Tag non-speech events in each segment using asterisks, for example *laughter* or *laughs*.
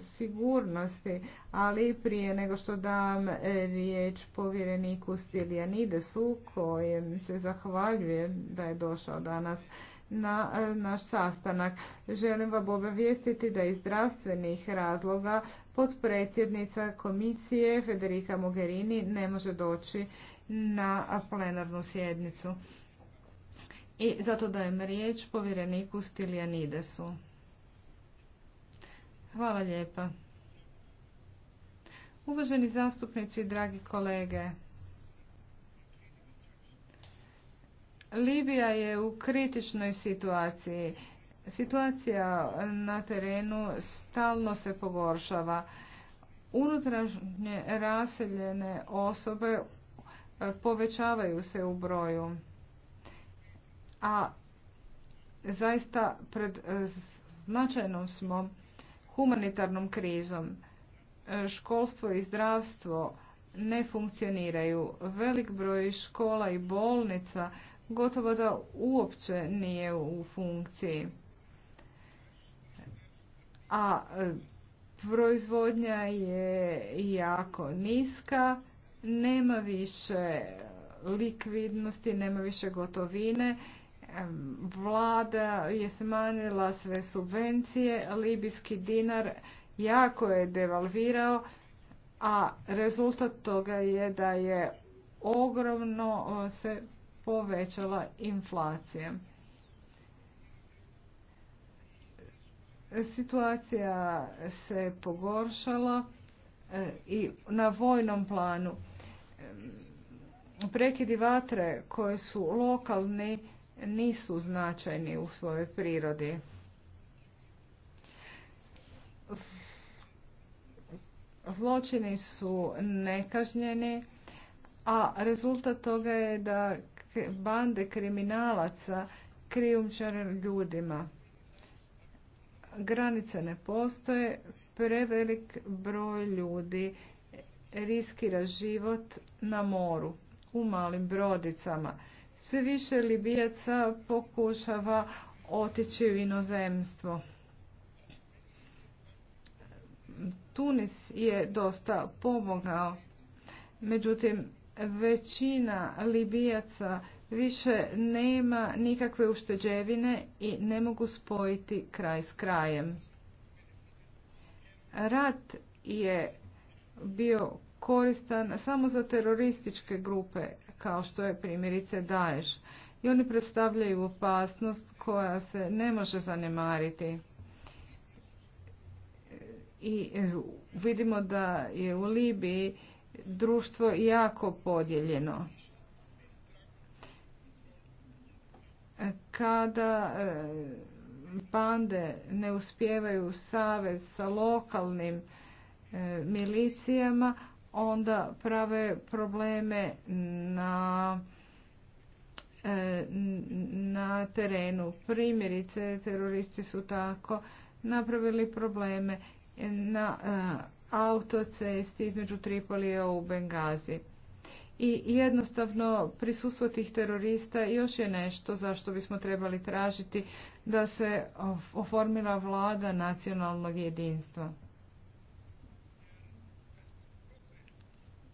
sigurnosti, ali prije nego što dam e, riječ povjereniku Stiljanidesu, kojem se zahvaljujem da je došao danas na e, naš sastanak. Želim vam obavijestiti da iz zdravstvenih razloga potpredsjednica komisije Federica Mogherini ne može doći na plenarnu sjednicu. I zato dajem riječ povjereniku Stiljanidesu. Hvala lijepa. Uvaženi zastupnici, dragi kolege, Libija je u kritičnoj situaciji. Situacija na terenu stalno se pogoršava. Unutrašnje raseljene osobe povećavaju se u broju. A zaista pred značajnom smo humanitarnom krizom. E, školstvo i zdravstvo ne funkcioniraju. Velik broj škola i bolnica gotovo da uopće nije u funkciji. A e, proizvodnja je jako niska, nema više likvidnosti, nema više gotovine Vlada je smanjila sve subvencije, libijski dinar jako je devalvirao, a rezultat toga je da je ogromno se povećala inflacija. Situacija se pogoršala e, i na vojnom planu. Prekidi vatre koje su lokalni nisu značajni u svojoj prirodi. Zločini su nekažnjeni, a rezultat toga je da bande kriminalaca krijumčare ljudima. Granice ne postoje, prevelik broj ljudi riskira život na moru u malim brodicama. Sve više Libijaca pokušava otići u inozemstvo. Tunis je dosta pomogao. Međutim, većina Libijaca više nema nikakve ušteđevine i ne mogu spojiti kraj s krajem. Rat je bio koristan samo za terorističke grupe kao što je primjerice Daesh. I oni predstavljaju opasnost koja se ne može zanemariti. I e, vidimo da je u Libiji društvo jako podijeljeno. Kada e, bande ne uspijevaju savez sa lokalnim e, milicijama, onda prave probleme na e, na terenu. Primjerice, teroristi su tako napravili probleme na e, autocesti između Tripolija u Bengazi. I jednostavno prisustvo tih terorista još je nešto zašto bismo trebali tražiti da se oformila vlada nacionalnog jedinstva.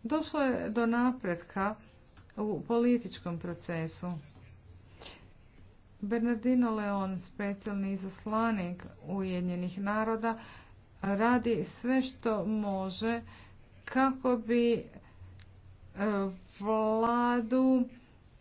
Došlo je do napretka u političkom procesu. Bernardino Leon, specijalni izaslanik Ujedinjenih naroda, radi sve što može kako bi e, vladu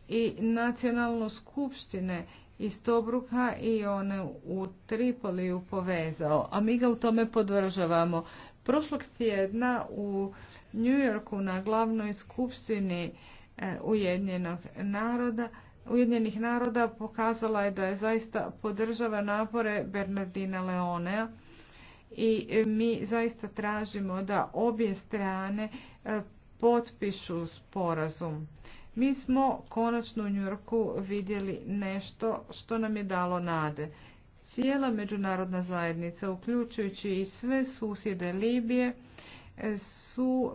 i nacionalnu skupštine iz Tobruka i one u Tripoliju povezao, a mi ga u tome podržavamo. Prošlog tjedna u New Yorku na glavnoj skupštini e, naroda Ujedinjenih naroda pokazala je da je zaista podržava napore Bernardina Leonea i mi zaista tražimo da obje strane e, potpišu sporazum. Mi smo konačno u Njurku vidjeli nešto što nam je dalo nade. Cijela međunarodna zajednica, uključujući i sve susjede Libije, su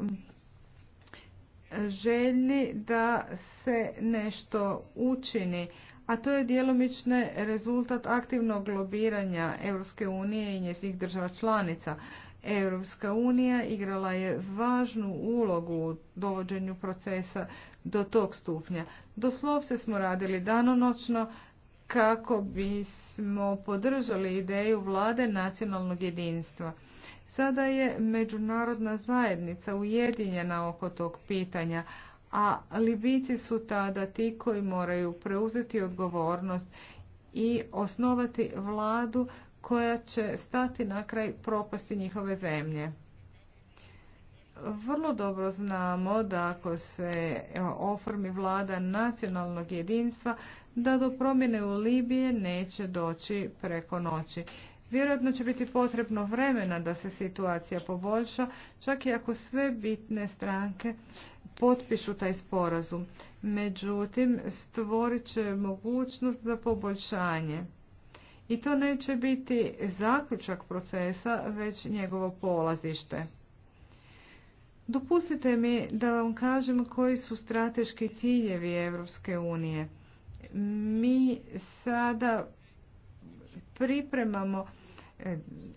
želji da se nešto učini, a to je djelomični rezultat aktivnog lobiranja Europske unije i njezinih država članica. Europska unija igrala je važnu ulogu u dovođenju procesa do tog stupnja. Doslovce smo radili danonoćno kako bismo podržali ideju vlade nacionalnog jedinstva. Sada je međunarodna zajednica ujedinjena oko tog pitanja, a libici su tada ti koji moraju preuzeti odgovornost i osnovati vladu koja će stati na kraj propasti njihove zemlje. Vrlo dobro znamo da ako se oformi vlada nacionalnog jedinstva, da do promjene u Libije neće doći preko noći. Vjerojatno će biti potrebno vremena da se situacija poboljša, čak i ako sve bitne stranke potpišu taj sporazum. Međutim, stvorit će mogućnost za poboljšanje. I to neće biti zaključak procesa, već njegovo polazište. Dopustite mi da vam kažem koji su strateški ciljevi Europske unije. Mi sada pripremamo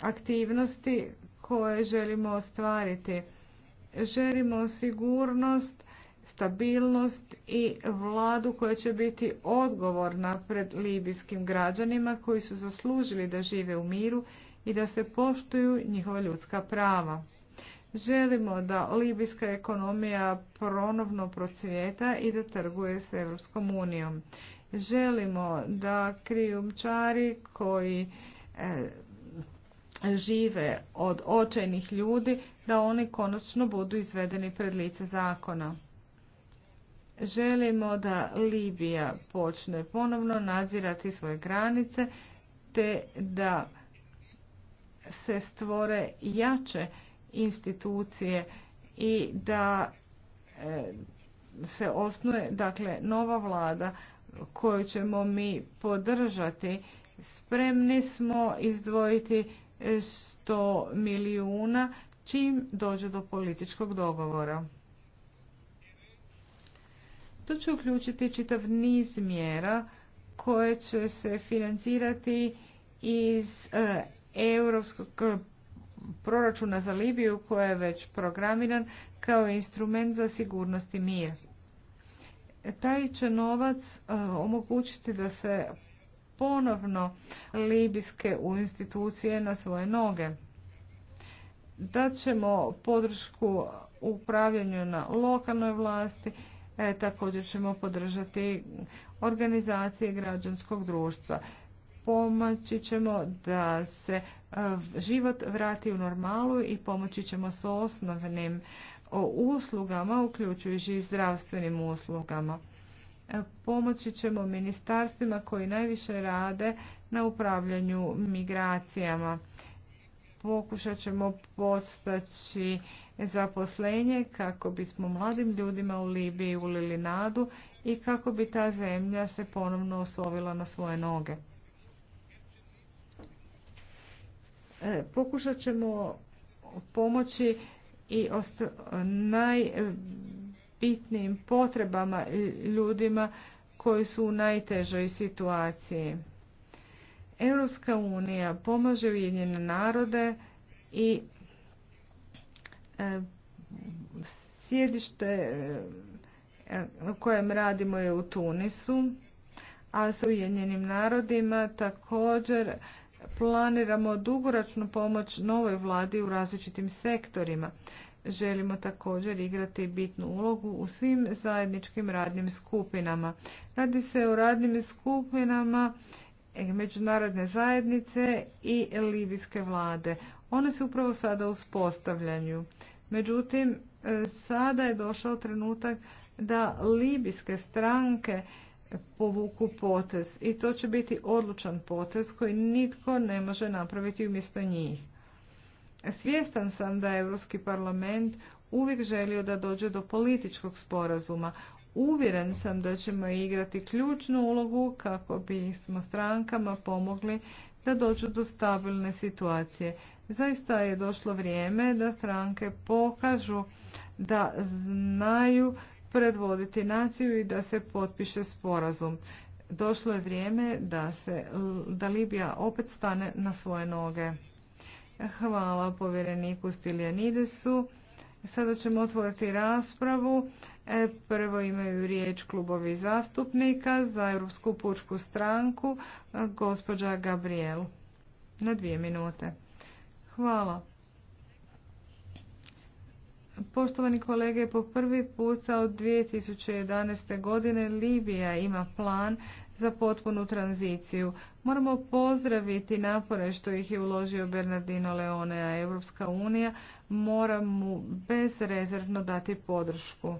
aktivnosti koje želimo ostvariti. Želimo sigurnost, stabilnost i vladu koja će biti odgovorna pred libijskim građanima koji su zaslužili da žive u miru i da se poštuju njihova ljudska prava. Želimo da libijska ekonomija pronovno procvjeta i da trguje s Europskom unijom. Želimo da krijumčari koji eh, žive od očajnih ljudi, da oni konačno budu izvedeni pred lice zakona. Želimo da Libija počne ponovno nadzirati svoje granice, te da se stvore jače institucije i da e, se osnuje dakle nova vlada koju ćemo mi podržati. Spremni smo izdvojiti 100 milijuna čim dođe do političkog dogovora. To će uključiti čitav niz mjera koje će se financirati iz e, europskog proračuna za Libiju koja je već programiran kao instrument za sigurnost i mir. E, taj će novac e, omogućiti da se ponovno libijske u institucije na svoje noge. ćemo podršku upravljanju na lokalnoj vlasti, e, također ćemo podržati organizacije građanskog društva. Pomaći ćemo da se e, život vrati u normalu i pomoći ćemo s osnovnim e, uslugama, uključujući i zdravstvenim uslugama. E, pomoći ćemo ministarstvima koji najviše rade na upravljanju migracijama. Pokušat ćemo postaći zaposlenje kako bismo mladim ljudima u Libiji ulili nadu i kako bi ta zemlja se ponovno osovila na svoje noge. E, pokušat ćemo pomoći i naj bitnim potrebama ljudima koji su u najtežoj situaciji. Europska unija pomaže Ujedinjene narode i e, sjedište e, u kojem radimo je u Tunisu, a sa Ujedinjenim narodima također planiramo dugoročnu pomoć novoj vladi u različitim sektorima želimo također igrati bitnu ulogu u svim zajedničkim radnim skupinama. Radi se o radnim skupinama međunarodne zajednice i libijske vlade. One se upravo sada uspostavljaju. Međutim, sada je došao trenutak da libijske stranke povuku potez i to će biti odlučan potez koji nitko ne može napraviti umjesto njih. Svjestan sam da je Europski parlament uvijek želio da dođe do političkog sporazuma. Uvjeren sam da ćemo igrati ključnu ulogu kako bismo strankama pomogli da dođu do stabilne situacije. Zaista je došlo vrijeme da stranke pokažu da znaju predvoditi naciju i da se potpiše sporazum. Došlo je vrijeme da se da Libija opet stane na svoje noge. Hvala povjereniku Stiljanidesu. Sada ćemo otvoriti raspravu. E, prvo imaju riječ klubovi zastupnika za Europsku pučku stranku, e, gospođa Gabriel. Na dvije minute. Hvala. Poštovani kolege, po prvi puta od 2011. godine Libija ima plan za potpunu tranziciju. Moramo pozdraviti napore što ih je uložio Bernardino Leone, a Europska unija mora mu bezrezervno dati podršku.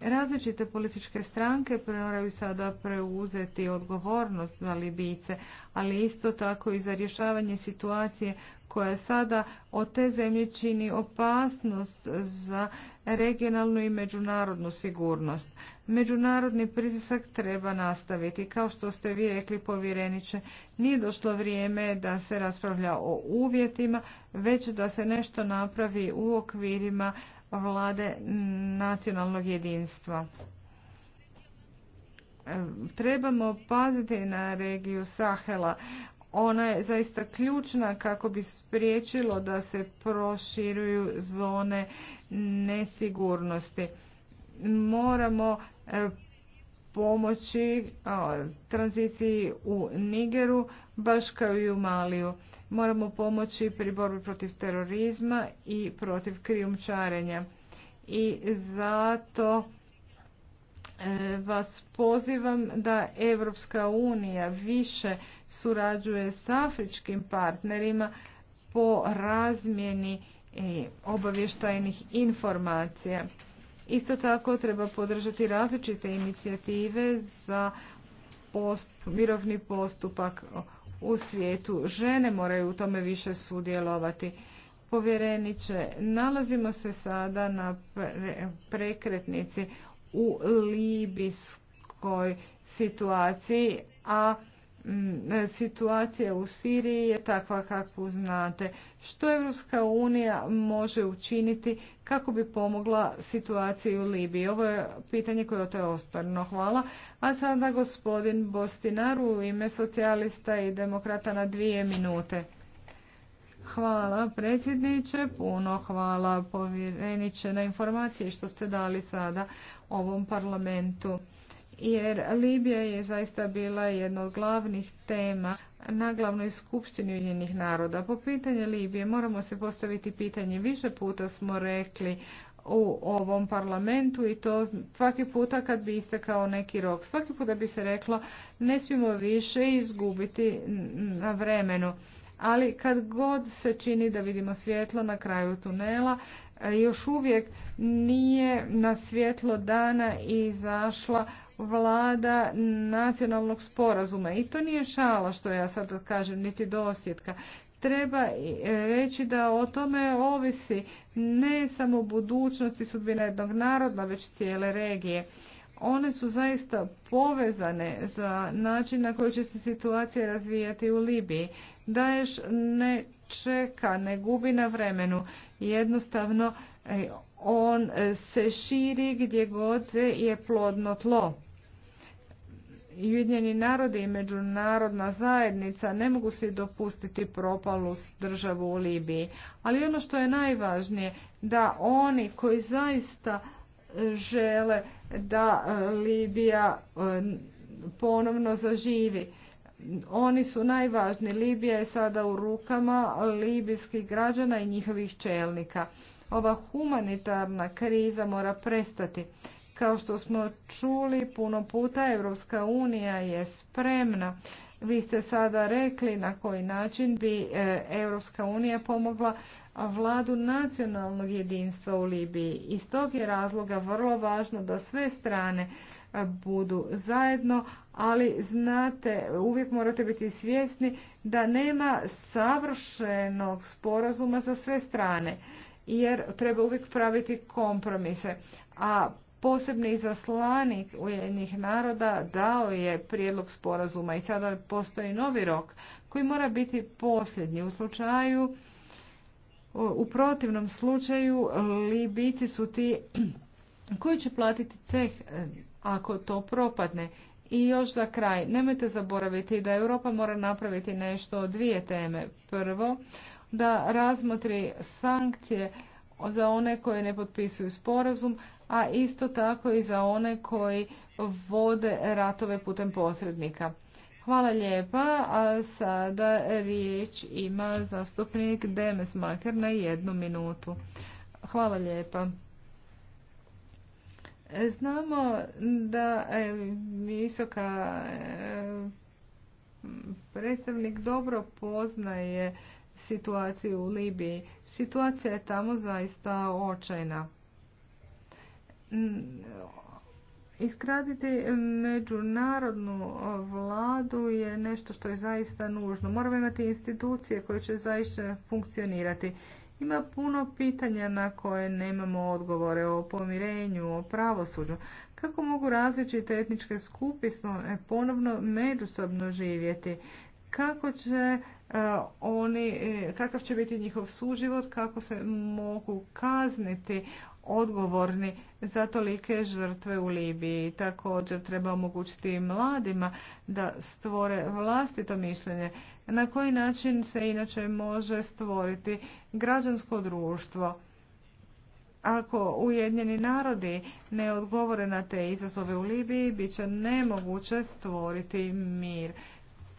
Različite političke stranke moraju sada preuzeti odgovornost za Libice, ali isto tako i za rješavanje situacije koja sada od te zemlje čini opasnost za regionalnu i međunarodnu sigurnost. Međunarodni pritisak treba nastaviti. Kao što ste vi rekli, povjereniče, nije došlo vrijeme da se raspravlja o uvjetima, već da se nešto napravi u okvirima vlade nacionalnog jedinstva. Trebamo paziti na regiju Sahela. Ona je zaista ključna kako bi spriječilo da se proširuju zone nesigurnosti. Moramo e, pomoći tranziciji u Nigeru, baš kao i u Maliju. Moramo pomoći pri borbi protiv terorizma i protiv krijumčarenja. I zato E, vas pozivam da Evropska unija više surađuje s afričkim partnerima po razmjeni e, obavještajnih informacija. Isto tako treba podržati različite inicijative za mirovni postupak u svijetu. Žene moraju u tome više sudjelovati. Povjereniče, nalazimo se sada na prekretnici u libijskoj situaciji, a situacija u Siriji je takva kakvu znate. Što Evropska unija može učiniti kako bi pomogla situaciji u Libiji? Ovo je pitanje koje je ostvarno. Hvala. A sada gospodin Bostinar u ime socijalista i demokrata na dvije minute. Hvala predsjedniče, puno hvala povjereniče na informacije što ste dali sada ovom parlamentu. Jer Libija je zaista bila jedna od glavnih tema na glavnoj skupštini Ujedinjenih naroda. Po pitanju Libije moramo se postaviti pitanje. Više puta smo rekli u ovom parlamentu i to svaki puta kad bi istekao neki rok. Svaki puta bi se reklo ne smijemo više izgubiti na vremenu. Ali kad god se čini da vidimo svjetlo na kraju tunela, još uvijek nije na svjetlo dana izašla vlada nacionalnog sporazuma. I to nije šala što ja sad kažem, niti dosjetka. Treba reći da o tome ovisi ne samo budućnosti i sudbina jednog naroda, već cijele regije one su zaista povezane za način na koji će se situacija razvijati u Libiji. Daješ ne čeka, ne gubi na vremenu. Jednostavno e, on se širi gdje god je plodno tlo. Ujedinjeni narodi i međunarodna zajednica ne mogu se dopustiti propalu državu u Libiji. Ali ono što je najvažnije, da oni koji zaista žele da e, Libija e, ponovno zaživi. Oni su najvažniji. Libija je sada u rukama libijskih građana i njihovih čelnika. Ova humanitarna kriza mora prestati. Kao što smo čuli puno puta, Evropska unija je spremna vi ste sada rekli na koji način bi e, Europska unija pomogla vladu nacionalnog jedinstva u Libiji. Iz tog je razloga vrlo važno da sve strane e, budu zajedno, ali znate, uvijek morate biti svjesni da nema savršenog sporazuma za sve strane, jer treba uvijek praviti kompromise. A Posebni izaslanik Ujedinjenih naroda dao je prijedlog sporazuma i sada postoji novi rok koji mora biti posljednji u slučaju u protivnom slučaju e, Libici su ti *clears throat* koji će platiti ceh e, ako to propadne. I još za kraj, nemojte zaboraviti da Europa mora napraviti nešto o dvije teme. Prvo, da razmotri sankcije za one koje ne potpisuju sporazum, a isto tako i za one koji vode ratove putem posrednika. Hvala lijepa, a sada riječ ima zastupnik Demes Maker na jednu minutu. Hvala lijepa. Znamo da visoka e, predstavnik dobro poznaje situaciju u Libiji. Situacija je tamo zaista očajna. Mm, iskraziti međunarodnu vladu je nešto što je zaista nužno. Moramo imati institucije koje će zaista funkcionirati. Ima puno pitanja na koje nemamo odgovore o pomirenju, o pravosuđu. Kako mogu različite etničke skupisno ponovno međusobno živjeti? Kako će e, oni, e, kakav će biti njihov suživot, kako se mogu kazniti odgovorni za tolike žrtve u Libiji. Također treba omogućiti i mladima da stvore vlastito mišljenje na koji način se inače može stvoriti građansko društvo. Ako ujednjeni narodi ne odgovore na te izazove u Libiji, bit će nemoguće stvoriti mir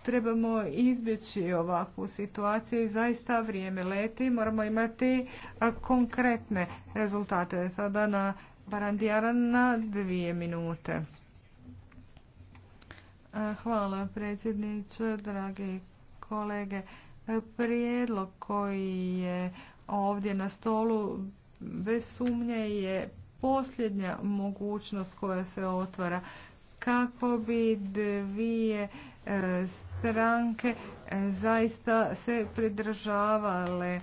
trebamo izbjeći ovakvu situaciju i zaista vrijeme leti. Moramo imati konkretne rezultate. Sada na Barandijara na dvije minute. Hvala predsjedniče, dragi kolege. Prijedlog koji je ovdje na stolu bez sumnje je posljednja mogućnost koja se otvara kako bi dvije e, stranke e, zaista se pridržavale e,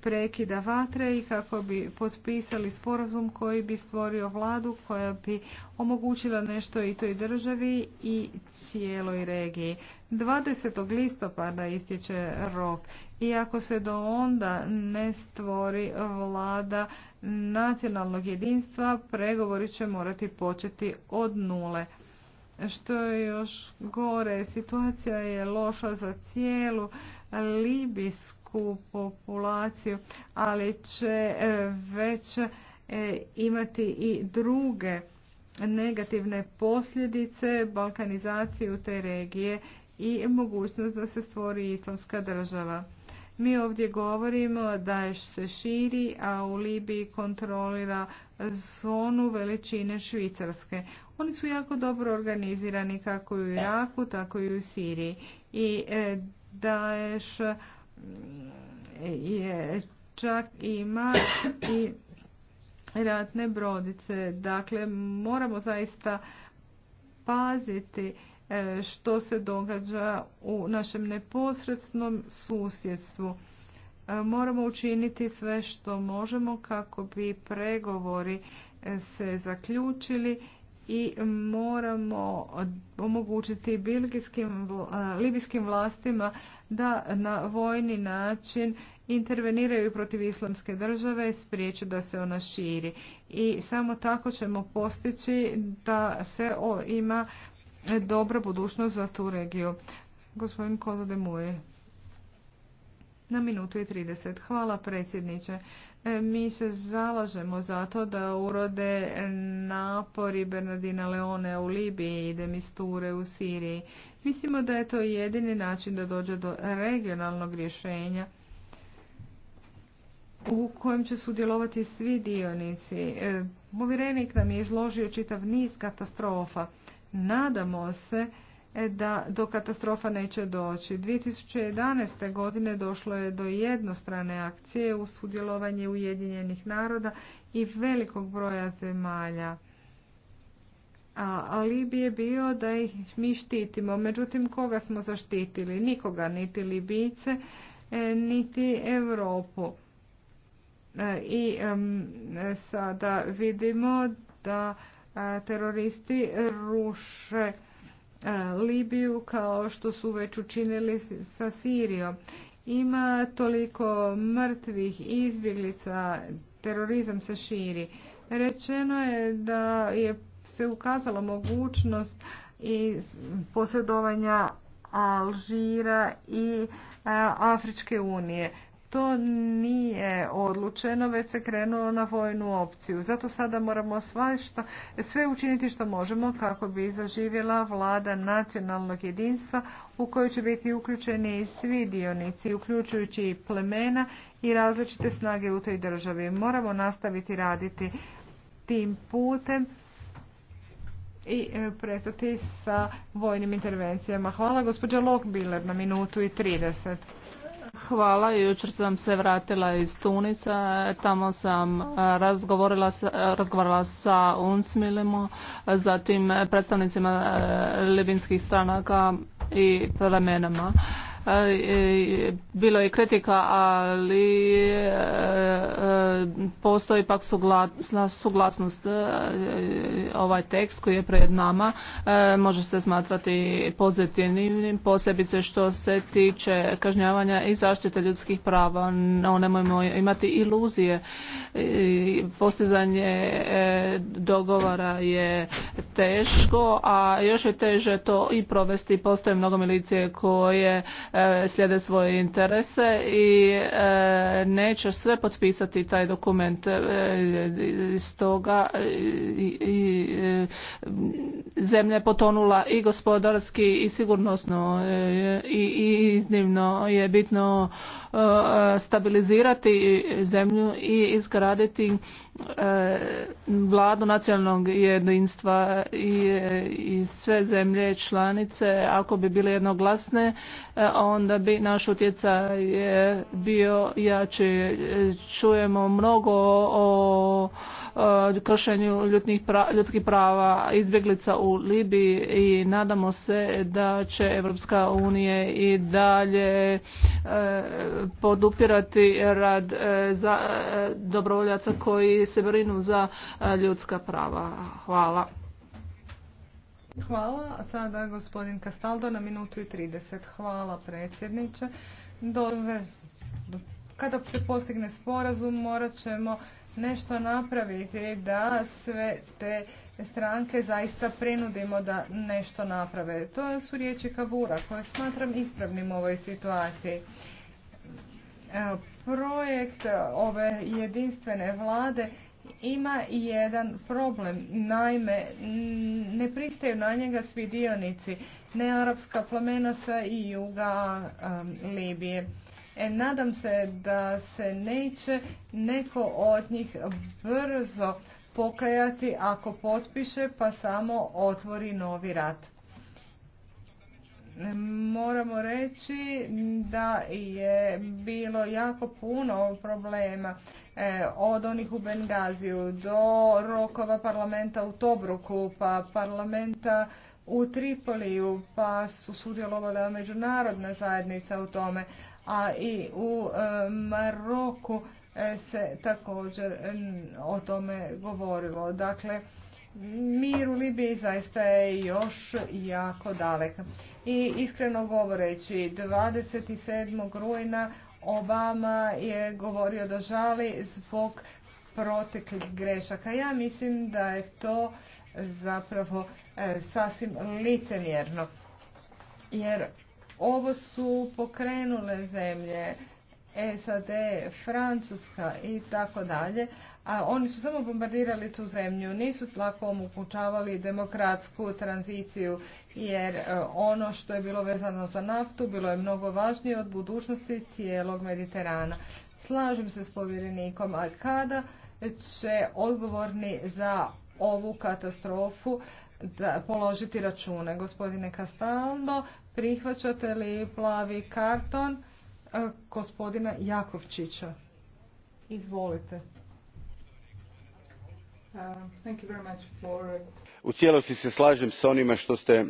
prekida vatre i kako bi potpisali sporazum koji bi stvorio vladu koja bi omogućila nešto i toj državi i cijeloj regiji. 20. listopada ističe rok i ako se do onda ne stvori vlada nacionalnog jedinstva, pregovori će morati početi od nule što je još gore, situacija je loša za cijelu libijsku populaciju, ali će e, već e, imati i druge negativne posljedice, balkanizaciju te regije i mogućnost da se stvori islamska država. Mi ovdje govorimo da se širi, a u Libiji kontrolira zonu veličine Švicarske. Oni su jako dobro organizirani kako i u Iraku, tako i u Siriji. I e, Daesh mm, je čak ima i ratne brodice. Dakle, moramo zaista paziti e, što se događa u našem neposrednom susjedstvu. E, moramo učiniti sve što možemo kako bi pregovori se zaključili i moramo omogućiti libijskim vlastima da na vojni način interveniraju protiv islamske države, i spriječe da se ona širi. I samo tako ćemo postići da se ima dobra budućnost za tu regiju. Gospodin Kozo Na minutu i 30. Hvala predsjedniče. E, mi se zalažemo za to da urode napori Bernardina Leone u Libiji i demisture u Siriji. Mislimo da je to jedini način da dođe do regionalnog rješenja u kojem će sudjelovati svi dionici. E, povjerenik nam je izložio čitav niz katastrofa. Nadamo se E, da do katastrofa neće doći. 2011. godine došlo je do jednostrane akcije u sudjelovanje Ujedinjenih naroda i velikog broja zemalja. A alibi je bio da ih mi štitimo. Međutim, koga smo zaštitili? Nikoga, niti Libijice, e, niti Europu. E, I sada vidimo da teroristi ruše Libiju kao što su već učinili sa Sirijom. Ima toliko mrtvih izbjeglica, terorizam se širi. Rečeno je da je se ukazala mogućnost i posredovanja Alžira i Afričke unije to nije odlučeno, već se krenulo na vojnu opciju. Zato sada moramo svašta, sve učiniti što možemo kako bi zaživjela vlada nacionalnog jedinstva u kojoj će biti uključeni i svi dionici, uključujući i plemena i različite snage u toj državi. Moramo nastaviti raditi tim putem i e, prestati sa vojnim intervencijama. Hvala gospođa Lokbiler na minutu i 30. Hvala, jučer sam se vratila iz Tunisa, tamo sam e, e, razgovarala sa Unsmilimo, zatim predstavnicima e, libinskih stranaka i plemenama. E, e, bilo je kritika, ali e, postoji pak suglasnost ovaj tekst koji je pred nama može se smatrati pozitivnim, posebice što se tiče kažnjavanja i zaštite ljudskih prava. No, nemojmo imati iluzije. Postizanje dogovara je teško, a još je teže to i provesti. Postoje mnogo milicije koje E, slijede svoje interese i e, neće sve potpisati taj dokument. Stoga e, i zemlja je potonula i gospodarski i sigurnosno i iznimno je bitno stabilizirati zemlju i izgraditi vladu nacionalnog jedinstva i sve zemlje članice ako bi bile jednoglasne onda bi naš utjecaj bio jači. Čujemo mnogo o kršenju ljudskih prava izbjeglica u Libiji i nadamo se da će Evropska unija i dalje e, podupirati rad e, za e, dobrovoljaca koji se brinu za ljudska prava. Hvala. Hvala. sada gospodin Kastaldo na minutu i 30. Hvala predsjedniče. kada se postigne sporazum morat ćemo nešto napraviti da sve te stranke zaista prinudimo da nešto naprave. To su riječi Kabura koje smatram ispravnim u ovoj situaciji. Projekt ove jedinstvene vlade ima i jedan problem. Naime, ne pristaju na njega svi dionici, ne arapska plamena sa i juga Libije. E, nadam se da se neće neko od njih brzo pokajati ako potpiše pa samo otvori novi rat moramo reći da je bilo jako puno problema e, od onih u Bengaziju do rokova parlamenta u Tobruku pa parlamenta u Tripoliju pa su sudjelovala međunarodna zajednica u tome a i u e, Maroku e, se također o tome govorilo. Dakle, mir u Libiji zaista je još jako dalek. I iskreno govoreći, 27. rujna Obama je govorio da žali zbog proteklih grešaka. Ja mislim da je to zapravo e, sasvim licemjerno. Jer ovo su pokrenule zemlje, SAD, Francuska i tako dalje, a oni su samo bombardirali tu zemlju, nisu lako omogućavali demokratsku tranziciju, jer e, ono što je bilo vezano za naftu bilo je mnogo važnije od budućnosti cijelog Mediterana. Slažem se s povjerenikom, a kada će odgovorni za ovu katastrofu da položiti račune. Gospodine Castaldo, prihvaćate li plavi karton e, gospodina Jakovčića? Izvolite. Uh, thank you very much for... u cijelosti se slažem s onime što ste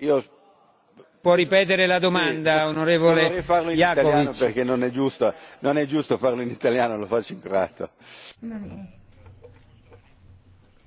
Io... può ripetere la domanda onorevole vorrei farlo in italiano perché non è giusto non è giusto farlo in italiano lo faccio in croato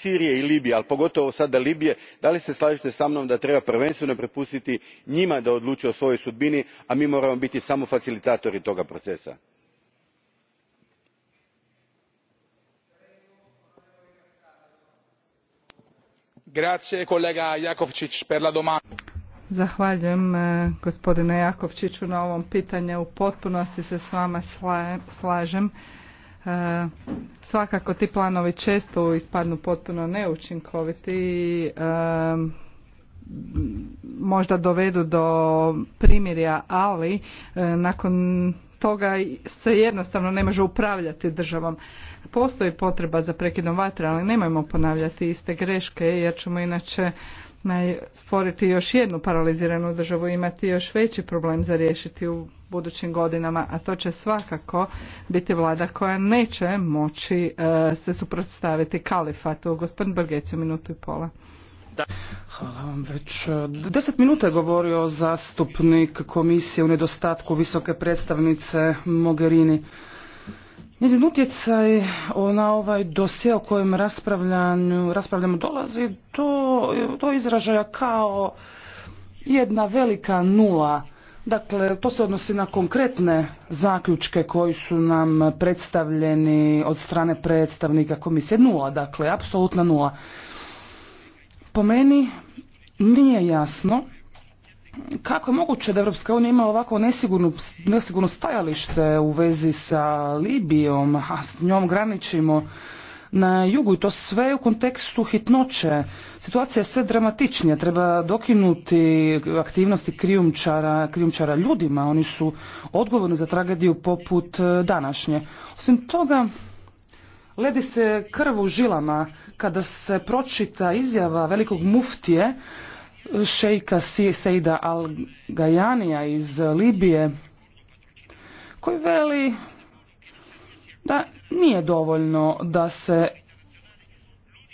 sirije i libije ali pogotovo sada libije da li se slažete sa mnom da treba prvenstveno prepustiti njima da odluče o svojoj sudbini a mi moramo biti samo facilitatori toga procesa? zahvaljujem eh, gospodine jakovčiću na ovom pitanju. u potpunosti se s vama slažem E, svakako ti planovi često ispadnu potpuno neučinkoviti i e, možda dovedu do primirja, ali e, nakon toga se jednostavno ne može upravljati državom. Postoji potreba za prekidom vatre, ali nemojmo ponavljati iste greške jer ćemo inače stvoriti još jednu paraliziranu državu, i imati još veći problem za riješiti u budućim godinama, a to će svakako biti vlada koja neće moći e, se suprotstaviti kalifatu. Gospodin u minutu i pola. Hvala vam već. E, deset minuta je govorio zastupnik komisije u nedostatku visoke predstavnice Mogherini. Njezin utjecaj na ovaj dosje o kojem raspravljamo dolazi do, izražaja kao jedna velika nula. Dakle, to se odnosi na konkretne zaključke koji su nam predstavljeni od strane predstavnika komisije. Nula, dakle, apsolutna nula. Po meni nije jasno kako je moguće da Europska unija ima ovako nesigurno, stajalište u vezi sa Libijom, a s njom graničimo na jugu i to sve u kontekstu hitnoće. Situacija je sve dramatičnija, treba dokinuti aktivnosti krijumčara, krijumčara ljudima, oni su odgovorni za tragediju poput e, današnje. Osim toga, ledi se krv u žilama kada se pročita izjava velikog muftije šejka Sejda Al-Gajanija iz Libije koji veli da nije dovoljno da se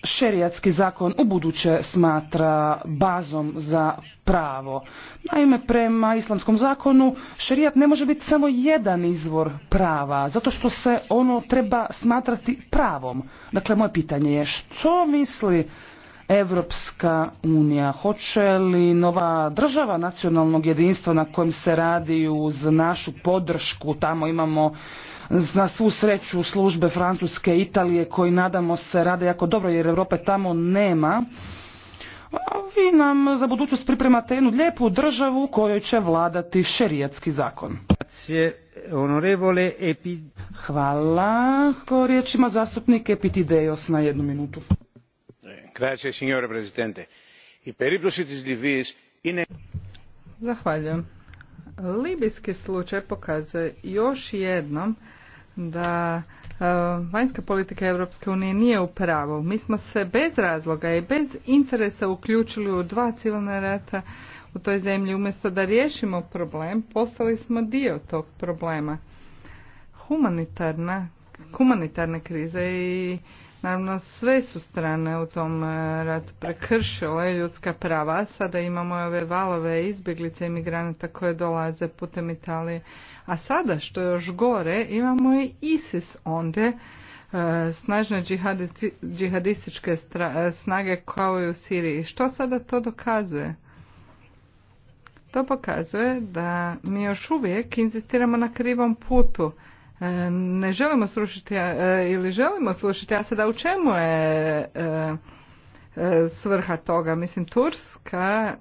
šerijatski zakon u buduće smatra bazom za pravo. Naime, prema islamskom zakonu šerijat ne može biti samo jedan izvor prava, zato što se ono treba smatrati pravom. Dakle, moje pitanje je što misli Evropska unija? Hoće li nova država nacionalnog jedinstva na kojem se radi uz našu podršku? Tamo imamo na svu sreću službe Francuske i Italije koji nadamo se rade jako dobro jer Europe tamo nema. A vi nam za budućnost pripremate jednu lijepu državu kojoj će vladati šerijatski zakon. Hvala. Riječ ima zastupnik Epitideos na jednu minutu. I Zahvaljujem. Libijski slučaj pokazuje još jednom da e, vanjska politika Europske unije nije u pravu. Mi smo se bez razloga i bez interesa uključili u dva civilna rata u toj zemlji. Umjesto da riješimo problem, postali smo dio tog problema. Humanitarna, humanitarna kriza i Naravno, sve su strane u tom e, ratu prekršile ljudska prava, sada imamo ove valove izbjeglice i koje dolaze putem Italije. A sada, što je još gore, imamo i ISIS onde, e, snažne džihadističke e, snage kao i u Siriji. Što sada to dokazuje? To pokazuje da mi još uvijek inzistiramo na krivom putu E, ne želimo slušati e, ili želimo slušati, a sada u čemu je e, svrha toga? Mislim, Turska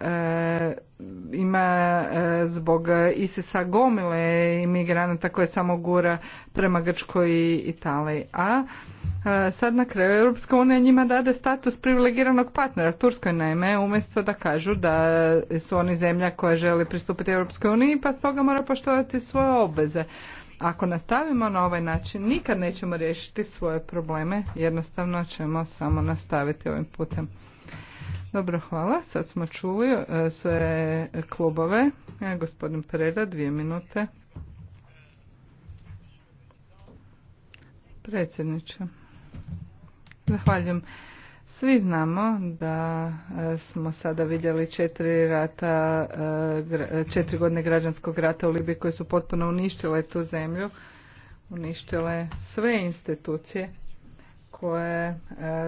ima zbog Isisa gomile imigranata koje samo gura prema Grčkoj i Italiji. A sad na kraju Europska unija njima dade status privilegiranog partnera. Turskoj naime umjesto da kažu da su oni zemlja koja želi pristupiti Europskoj uniji pa stoga mora poštovati svoje obveze. Ako nastavimo na ovaj način, nikad nećemo riješiti svoje probleme, jednostavno ćemo samo nastaviti ovim putem. Dobro, hvala. Sad smo čuli e, sve klubove. E, gospodin Preda, dvije minute. Predsjedniče, zahvaljujem. Svi znamo da e, smo sada vidjeli četiri rata, e, četiri godine građanskog rata u Libiji koje su potpuno uništile tu zemlju, uništile sve institucije koje e,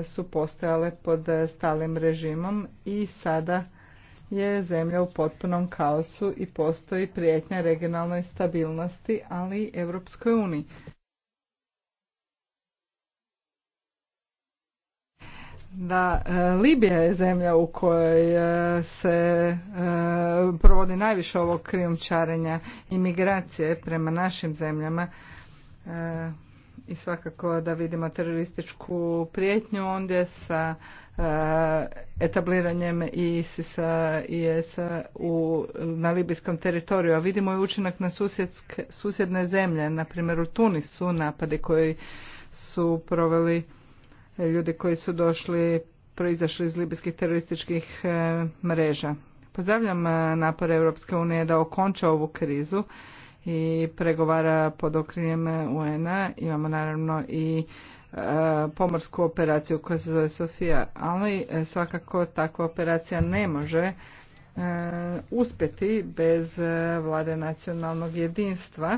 su postojale pod stalim režimom i sada je zemlja u potpunom kaosu i postoji prijetnja regionalnoj stabilnosti, ali i Europskoj uniji. Da, e, Libija je zemlja u kojoj e, se e, provodi najviše ovog krijumčarenja imigracije prema našim zemljama i svakako da vidimo terorističku prijetnju ondje sa etabliranjem ISIS-a i IS-a na libijskom teritoriju. A vidimo i učinak na susjedne zemlje, na primjer u Tunisu napade koji su proveli ljudi koji su došli, proizašli iz libijskih terorističkih e, mreža. Pozdravljam e, napore Europske unije da okonča ovu krizu i pregovara pod okriljem UN-a. Imamo naravno i e, pomorsku operaciju koja se zove Sofia, ali svakako takva operacija ne može uspjeti bez vlade nacionalnog jedinstva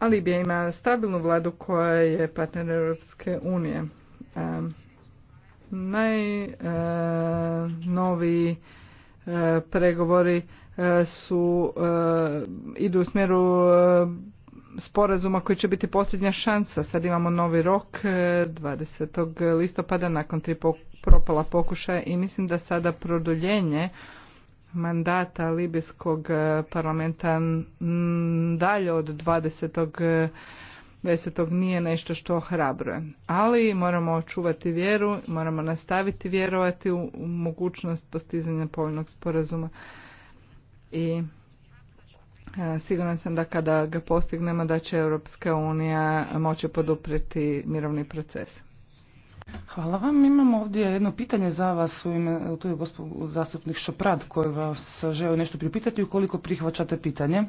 a Libija ima stabilnu vladu koja je partner Europske unije. E, Najnoviji e, e, pregovori su idu u smjeru sporazuma koji će biti posljednja šansa. Sad imamo novi rok 20. listopada nakon tri propala pokušaja i mislim da sada produljenje mandata libijskog e, parlamenta dalje od 20. E, nije nešto što ohrabruje. Ali moramo očuvati vjeru, moramo nastaviti vjerovati u mogućnost postizanja povoljnog sporazuma. I e, Siguran sam da kada ga postignemo da će Europska unija moći poduprijeti mirovni proces. Hvala vam. Imamo ovdje jedno pitanje za vas u ime, tu je zastupnik Šoprad koji vas želi nešto pripitati ukoliko prihvaćate pitanje.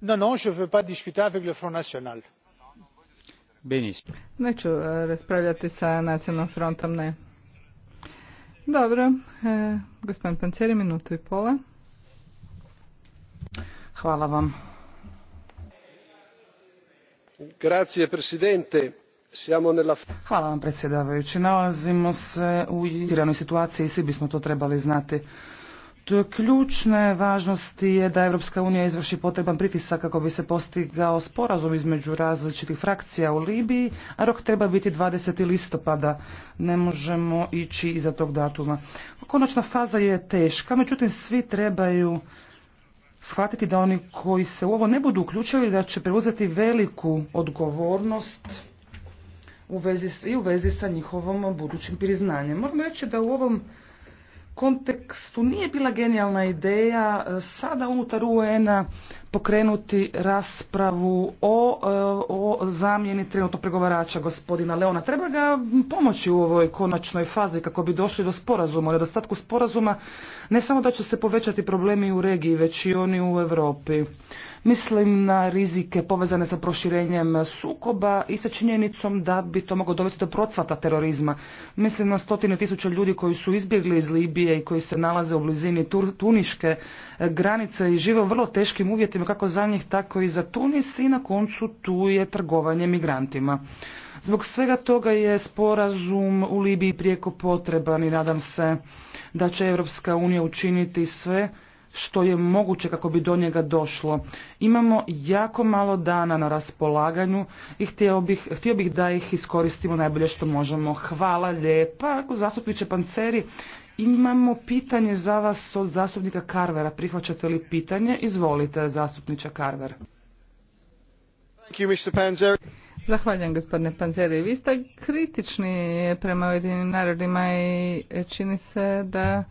No, no, je veux pas discuter avec le Front National. Neću e, raspravljati sa nacionalnom frontom, ne. Dobro, e, gospodin Panceri, minutu i pola. Hvala vam. Grazie, presidente Hvala vam predsjedavajući. Nalazimo se u iranoj situaciji i svi bismo to trebali znati. ključne važnosti je da Europska unija izvrši potreban pritisak kako bi se postigao sporazum između različitih frakcija u Libiji, a rok treba biti 20. listopada. Ne možemo ići iza tog datuma. Konačna faza je teška, međutim svi trebaju shvatiti da oni koji se u ovo ne budu uključili da će preuzeti veliku odgovornost u vezi, i u vezi sa njihovom budućim priznanjem. Moram reći da u ovom kontekstu nije bila genijalna ideja e, sada unutar UN-a pokrenuti raspravu e, o, zamjeni trenutnog pregovarača gospodina Leona. Treba ga pomoći u ovoj konačnoj fazi kako bi došli do sporazuma. U nedostatku sporazuma ne samo da će se povećati problemi u regiji, već i oni u Europi. Mislim na rizike povezane sa proširenjem sukoba i sa činjenicom da bi to moglo dovesti do procvata terorizma. Mislim na stotine tisuća ljudi koji su izbjegli iz Libije i koji se nalaze u blizini tuniške granice i žive u vrlo teškim uvjetima kako za njih tako i za Tunis i na koncu tu je trgovanje migrantima. Zbog svega toga je sporazum u Libiji prijeko potreban i nadam se da će Europska unija učiniti sve što je moguće kako bi do njega došlo. Imamo jako malo dana na raspolaganju i htio bih, htio bih da ih iskoristimo najbolje što možemo. Hvala lijepa. Zastupniče Panceri, imamo pitanje za vas od zastupnika Karvera. Prihvaćate li pitanje? Izvolite, zastupniče Karver. Zahvaljujem gospodine Panzeri. Vi ste kritični prema Ujedinim narodima i čini se da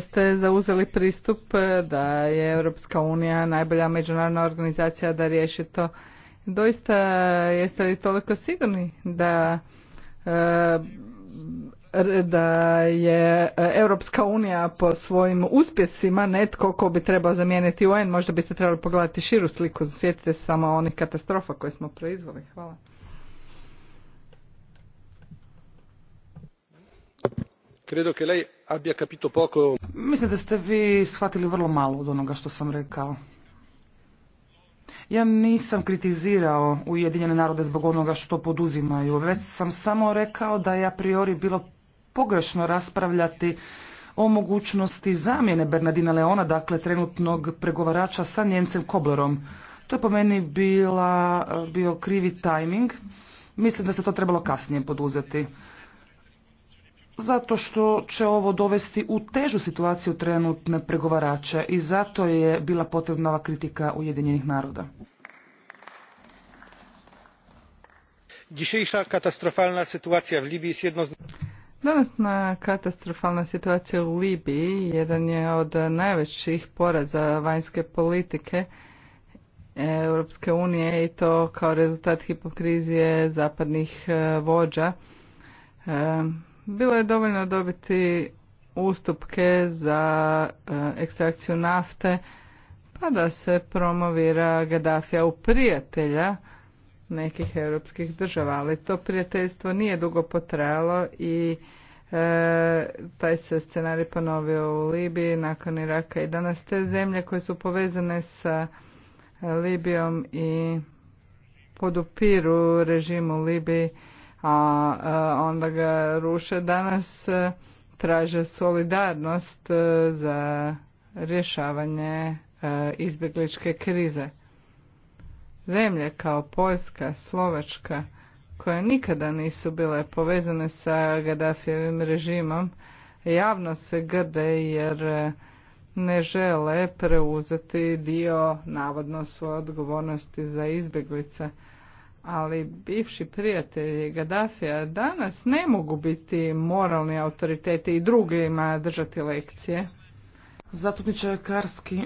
ste zauzeli pristup da je Europska unija najbolja međunarodna organizacija da riješi to. Doista jeste li toliko sigurni da e, da je Europska unija po svojim uspjesima netko ko bi trebao zamijeniti UN, možda biste trebali pogledati širu sliku, sjetite se samo onih katastrofa koje smo proizvali. Hvala. Credo che lei abbia capito poco. Mislim da ste vi shvatili vrlo malo od onoga što sam rekao. Ja nisam kritizirao Ujedinjene narode zbog onoga što poduzimaju, već sam samo rekao da je a priori bilo pogrešno raspravljati o mogućnosti zamjene Bernardina Leona, dakle trenutnog pregovarača sa Njemcem Koblerom. To je po meni bila, bio krivi tajming. Mislim da se to trebalo kasnije poduzeti zato što će ovo dovesti u težu situaciju trenutne pregovarače i zato je bila potrebna ova kritika Ujedinjenih naroda. Dzisiejsza katastrofalna situacija w libiji jedno z... katastrofalna situacija u Libiji jedan je od najvećih poraza vanjske politike Europske unije i to kao rezultat hipokrizije zapadnih eh, vođa. Eh, bilo je dovoljno dobiti ustupke za e, ekstrakciju nafte, pa da se promovira Gaddafija u prijatelja nekih europskih država, ali to prijateljstvo nije dugo potrajalo i e, taj se scenarij ponovio u Libiji nakon Iraka i danas te zemlje koje su povezane sa e, Libijom i podupiru režimu Libiji a e, onda ga ruše. Danas e, traže solidarnost e, za rješavanje izbjegličke krize. Zemlje kao Poljska, Slovačka, koje nikada nisu bile povezane sa Gaddafijevim režimom, javno se grde jer ne žele preuzeti dio navodno svoje odgovornosti za izbjeglice ali bivši prijatelji Gaddafija danas ne mogu biti moralni autoriteti i drugima držati lekcije. Zastupniče Karski,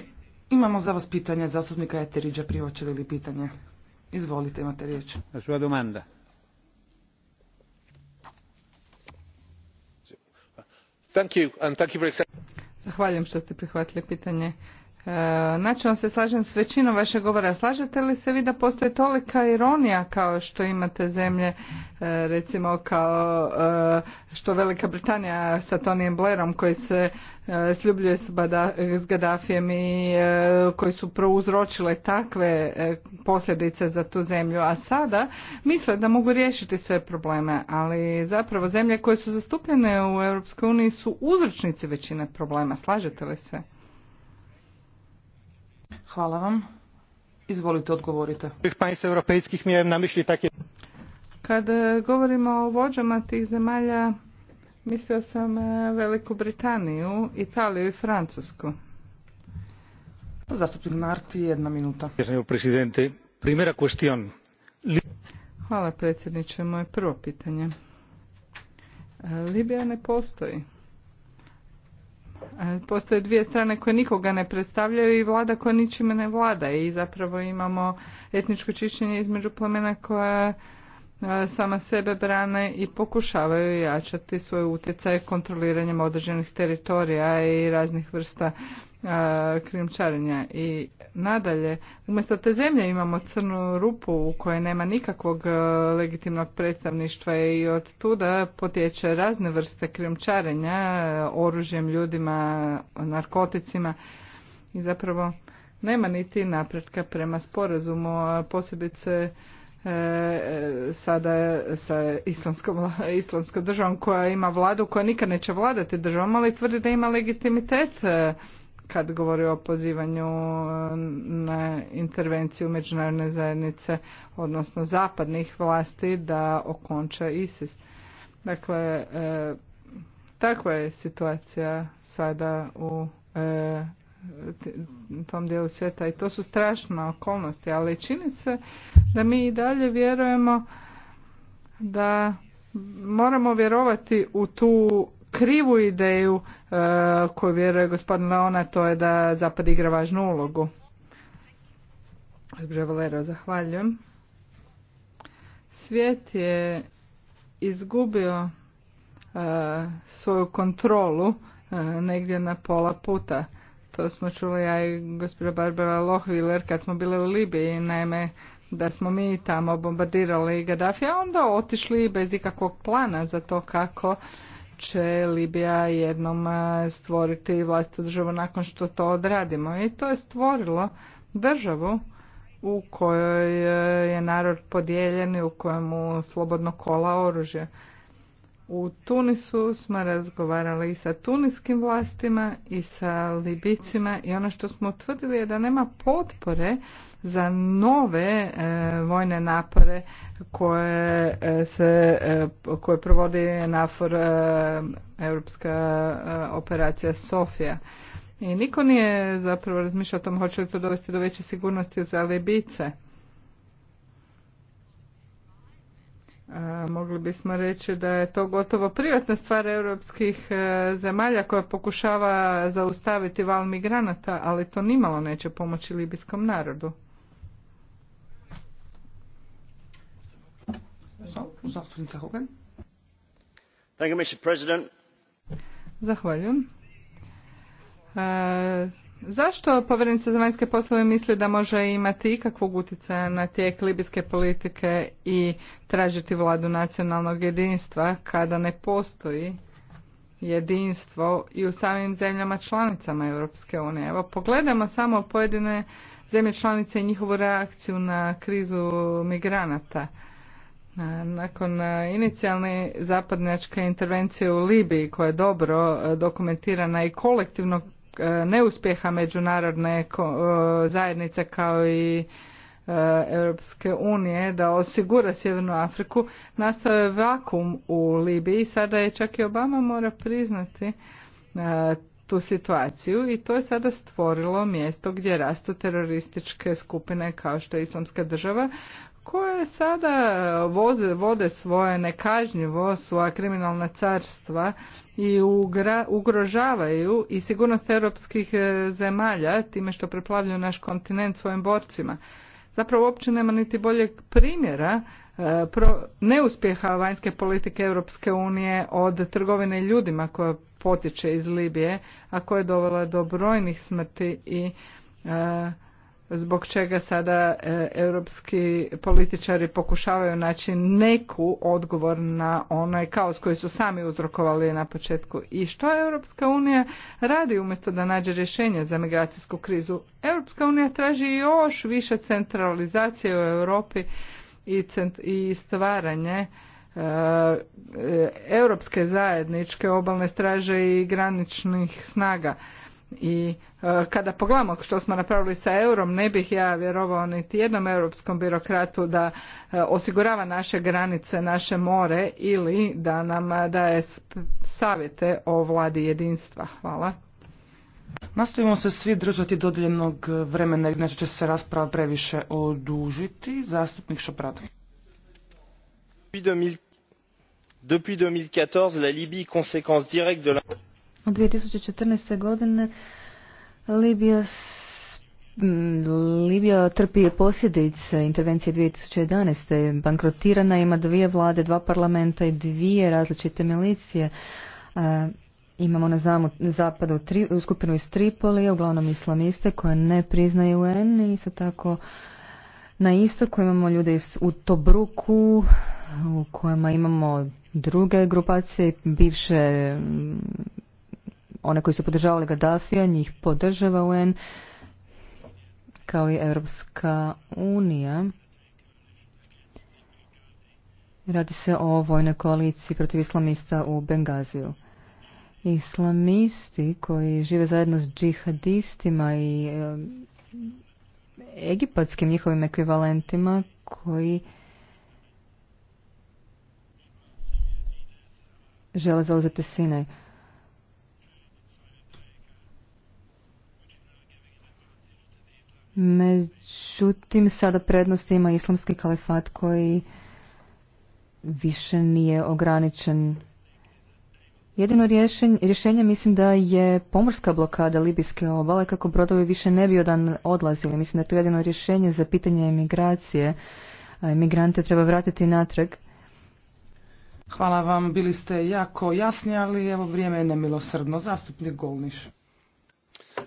imamo za vas pitanje zastupnika Eteriđa prihoćili li pitanje. Izvolite, imate riječ. Sua domanda. Thank you Zahvaljujem što ste prihvatili pitanje. E, Načelno se slažem s većinom vašeg govora. Slažete li se vi da postoji tolika ironija kao što imate zemlje, e, recimo kao e, što Velika Britanija sa Tonijem Blairom koji se sljubljuje s Gaddafijem i koji su prouzročile takve posljedice za tu zemlju, a sada misle da mogu riješiti sve probleme, ali zapravo zemlje koje su zastupljene u EU su uzročnici većine problema. Slažete li se? Hvala vam. Izvolite, odgovorite. europejskih mijem na mišli takie... Kad e, govorimo o vođama tih zemalja, mislio sam e, Veliku Britaniju, Italiju i Francusku. Zastupnik Marti, jedna minuta. presidente, primera cuestión. Hvala predsjedniče, moje prvo pitanje. E, Libija ne postoji. E, postoje dvije strane koje nikoga ne predstavljaju i vlada koja ničime ne vlada i zapravo imamo etničko čišćenje između plemena koja e, sama sebe brane i pokušavaju jačati svoj utjecaj kontroliranjem određenih teritorija i raznih vrsta krijumčarenja i nadalje umjesto te zemlje imamo crnu rupu u kojoj nema nikakvog e, legitimnog predstavništva i od tuda potječe razne vrste krijumčarenja e, oružjem ljudima narkoticima i zapravo nema niti napretka prema sporazumu posebice e, sada sa islamskom, islamskom državom koja ima vladu koja nikad neće vladati državom ali tvrdi da ima legitimitet kad govori o pozivanju um, na intervenciju međunarodne zajednice, odnosno zapadnih vlasti da okonča ISIS. Dakle, e, takva je situacija sada u e, tom dijelu svijeta i to su strašne okolnosti, ali čini se da mi i dalje vjerujemo da moramo vjerovati u tu krivu ideju e, koju vjeruje gospodin Leona, to je da Zapad igra važnu ulogu. Gospodin Valero, zahvaljujem. Svijet je izgubio e, svoju kontrolu e, negdje na pola puta. To smo čuli ja i gospođa Barbara Lohviler kad smo bile u Libiji. Naime, da smo mi tamo bombardirali Gaddafi, a onda otišli bez ikakvog plana za to kako će Libija jednom e, stvoriti vlastitu državu nakon što to odradimo. I to je stvorilo državu u kojoj e, je narod podijeljen i u kojemu slobodno kola oružje. U Tunisu smo razgovarali i sa tuniskim vlastima i sa libicima i ono što smo utvrdili je da nema potpore za nove e, vojne napore koje e, se e, koje provodi nafor europska operacija Sofija. I niko nije zapravo razmišljao o tom hoće li to dovesti do veće sigurnosti za Libice. A, mogli bismo reći da je to gotovo privatna stvar europskih e, zemalja koja pokušava zaustaviti val migranata, ali to nimalo neće pomoći libijskom narodu. Zahvaljujem. E, Zašto povjerenica za vanjske poslove misli da može imati ikakvog utjecaja na tijek libijske politike i tražiti vladu nacionalnog jedinstva kada ne postoji jedinstvo i u samim zemljama članicama Europske unije? Evo, pogledajmo samo pojedine zemlje članice i njihovu reakciju na krizu migranata. Nakon inicijalne zapadnjačke intervencije u Libiji koja je dobro e, dokumentirana i kolektivno E, neuspjeha međunarodne e, zajednice kao i e, Europske unije da osigura Sjevernu Afriku, nastao je vakum u Libiji. Sada je čak i Obama mora priznati tu situaciju i to je sada stvorilo mjesto gdje rastu terorističke skupine kao što je Islamska država koje sada voze, vode svoje nekažnjivo, svoja kriminalna carstva i ugrožavaju i sigurnost europskih e, zemalja time što preplavljuju naš kontinent svojim borcima. Zapravo uopće nema niti boljeg primjera e, neuspjeha vanjske politike Europske unije od trgovine ljudima koja potiče iz Libije, a koja je dovela do brojnih smrti i e, zbog čega sada e, europski političari pokušavaju naći neku odgovor na onaj kaos koji su sami uzrokovali na početku. I što Europska unija radi umjesto da nađe rješenje za migracijsku krizu? Europska unija traži još više centralizacije u Europi i, i stvaranje e, e, europske zajedničke obalne straže i graničnih snaga i e, kada pogledamo što smo napravili sa eurom ne bih ja vjerovao niti jednom europskom birokratu da e, osigurava naše granice naše more ili da nam daje savjete o vladi jedinstva hvala Nastojimo se svi držati dodijeljenog vremena, inače se rasprava previše odužiti. Zastupnik Šoprad Depuis 2014, la Libye, conséquence de la... Od 2014. godine Libija Libija trpi posljedice intervencije 2011. Bankrotirana ima dvije vlade, dva parlamenta i dvije različite milicije. E, imamo na zapadu skupinu iz Tripoli, uglavnom islamiste koje ne priznaju UN i isto tako na istoku imamo ljude iz, u Tobruku u kojima imamo druge grupacije, bivše one koji su podržavali Gaddafija, njih podržava UN kao i Europska unija. Radi se o vojnoj koaliciji protiv islamista u Bengaziju. Islamisti koji žive zajedno s džihadistima i eh, egipatskim njihovim ekvivalentima koji žele zauzeti Sinaj. Međutim, sada prednost ima islamski kalifat koji više nije ograničen. Jedino rješenje, rješenje mislim da je pomorska blokada libijske obale kako brodovi više ne bi odlazili. Mislim da je to jedino rješenje za pitanje emigracije. Emigrante treba vratiti natrag. Hvala vam, bili ste jako jasni, ali evo vrijeme je nemilosrdno. Zastupnik Golniš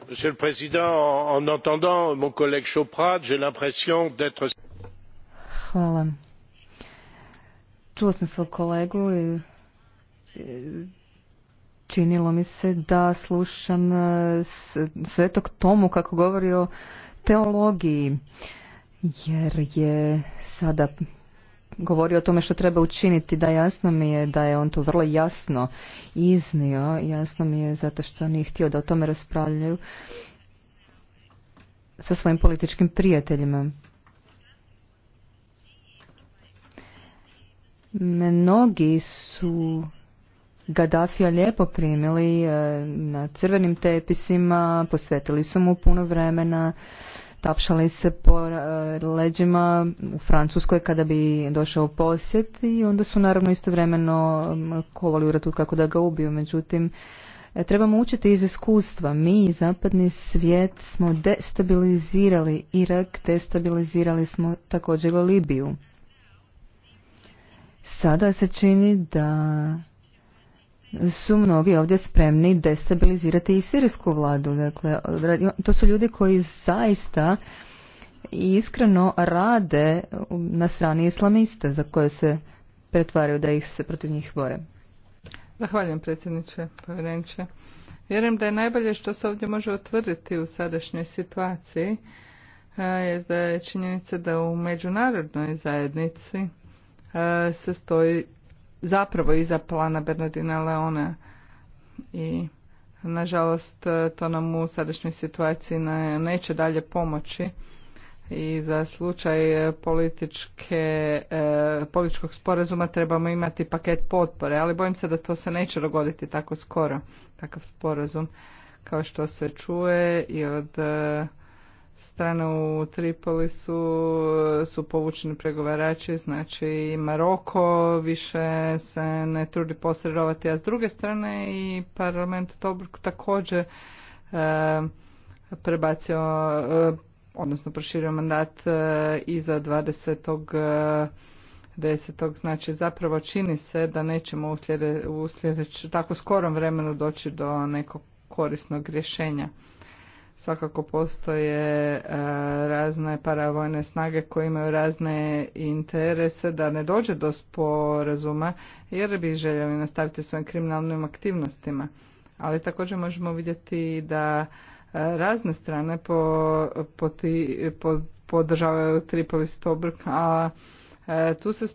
monsieur le président en entendant mon collègue chauprade j'ai l'impression d'être. hvala čuo sam svog kolegu činilo mi se da slušam e, svetog tomu kako govori o teologiji jer je sada govorio o tome što treba učiniti, da jasno mi je da je on to vrlo jasno iznio, jasno mi je zato što nije htio da o tome raspravljaju sa svojim političkim prijateljima. Mnogi su Gaddafija lijepo primili eh, na crvenim tepisima, posvetili su mu puno vremena, tapšali se po eh, leđima u Francuskoj kada bi došao posjet i onda su naravno istovremeno mm, kovali u ratu kako da ga ubiju. Međutim, eh, trebamo učiti iz iskustva. Mi, zapadni svijet, smo destabilizirali Irak, destabilizirali smo također Libiju. Sada se čini da su mnogi ovdje spremni destabilizirati i sirijsku vladu. Dakle, to su ljudi koji zaista i iskreno rade na strani islamista za koje se pretvaraju da ih se protiv njih bore. Zahvaljujem predsjedniče povjerenče. Vjerujem da je najbolje što se ovdje može utvrditi u sadašnjoj situaciji je da je činjenica da u međunarodnoj zajednici se stoji zapravo iza plana Bernardina Leona i nažalost to nam u sadašnjoj situaciji neće dalje pomoći i za slučaj političke, e, političkog sporazuma trebamo imati paket potpore, ali bojim se da to se neće dogoditi tako skoro, takav sporazum kao što se čuje i od e, strane u Tripoli su, su povučeni pregovarači, znači Maroko više se ne trudi posredovati, a s druge strane i parlament u također e, prebacio, e, odnosno proširio mandat iza e, i 20. E, desetog. Znači zapravo čini se da nećemo u, sljede, tako skorom vremenu doći do nekog korisnog rješenja. Svakako postoje e, razne paravojne snage koje imaju razne interese da ne dođe do sporazuma jer bi željeli nastaviti svojim kriminalnim aktivnostima. Ali također možemo vidjeti da e, razne strane po, po ti, po, podržavaju tri Tobruk, a e, tu se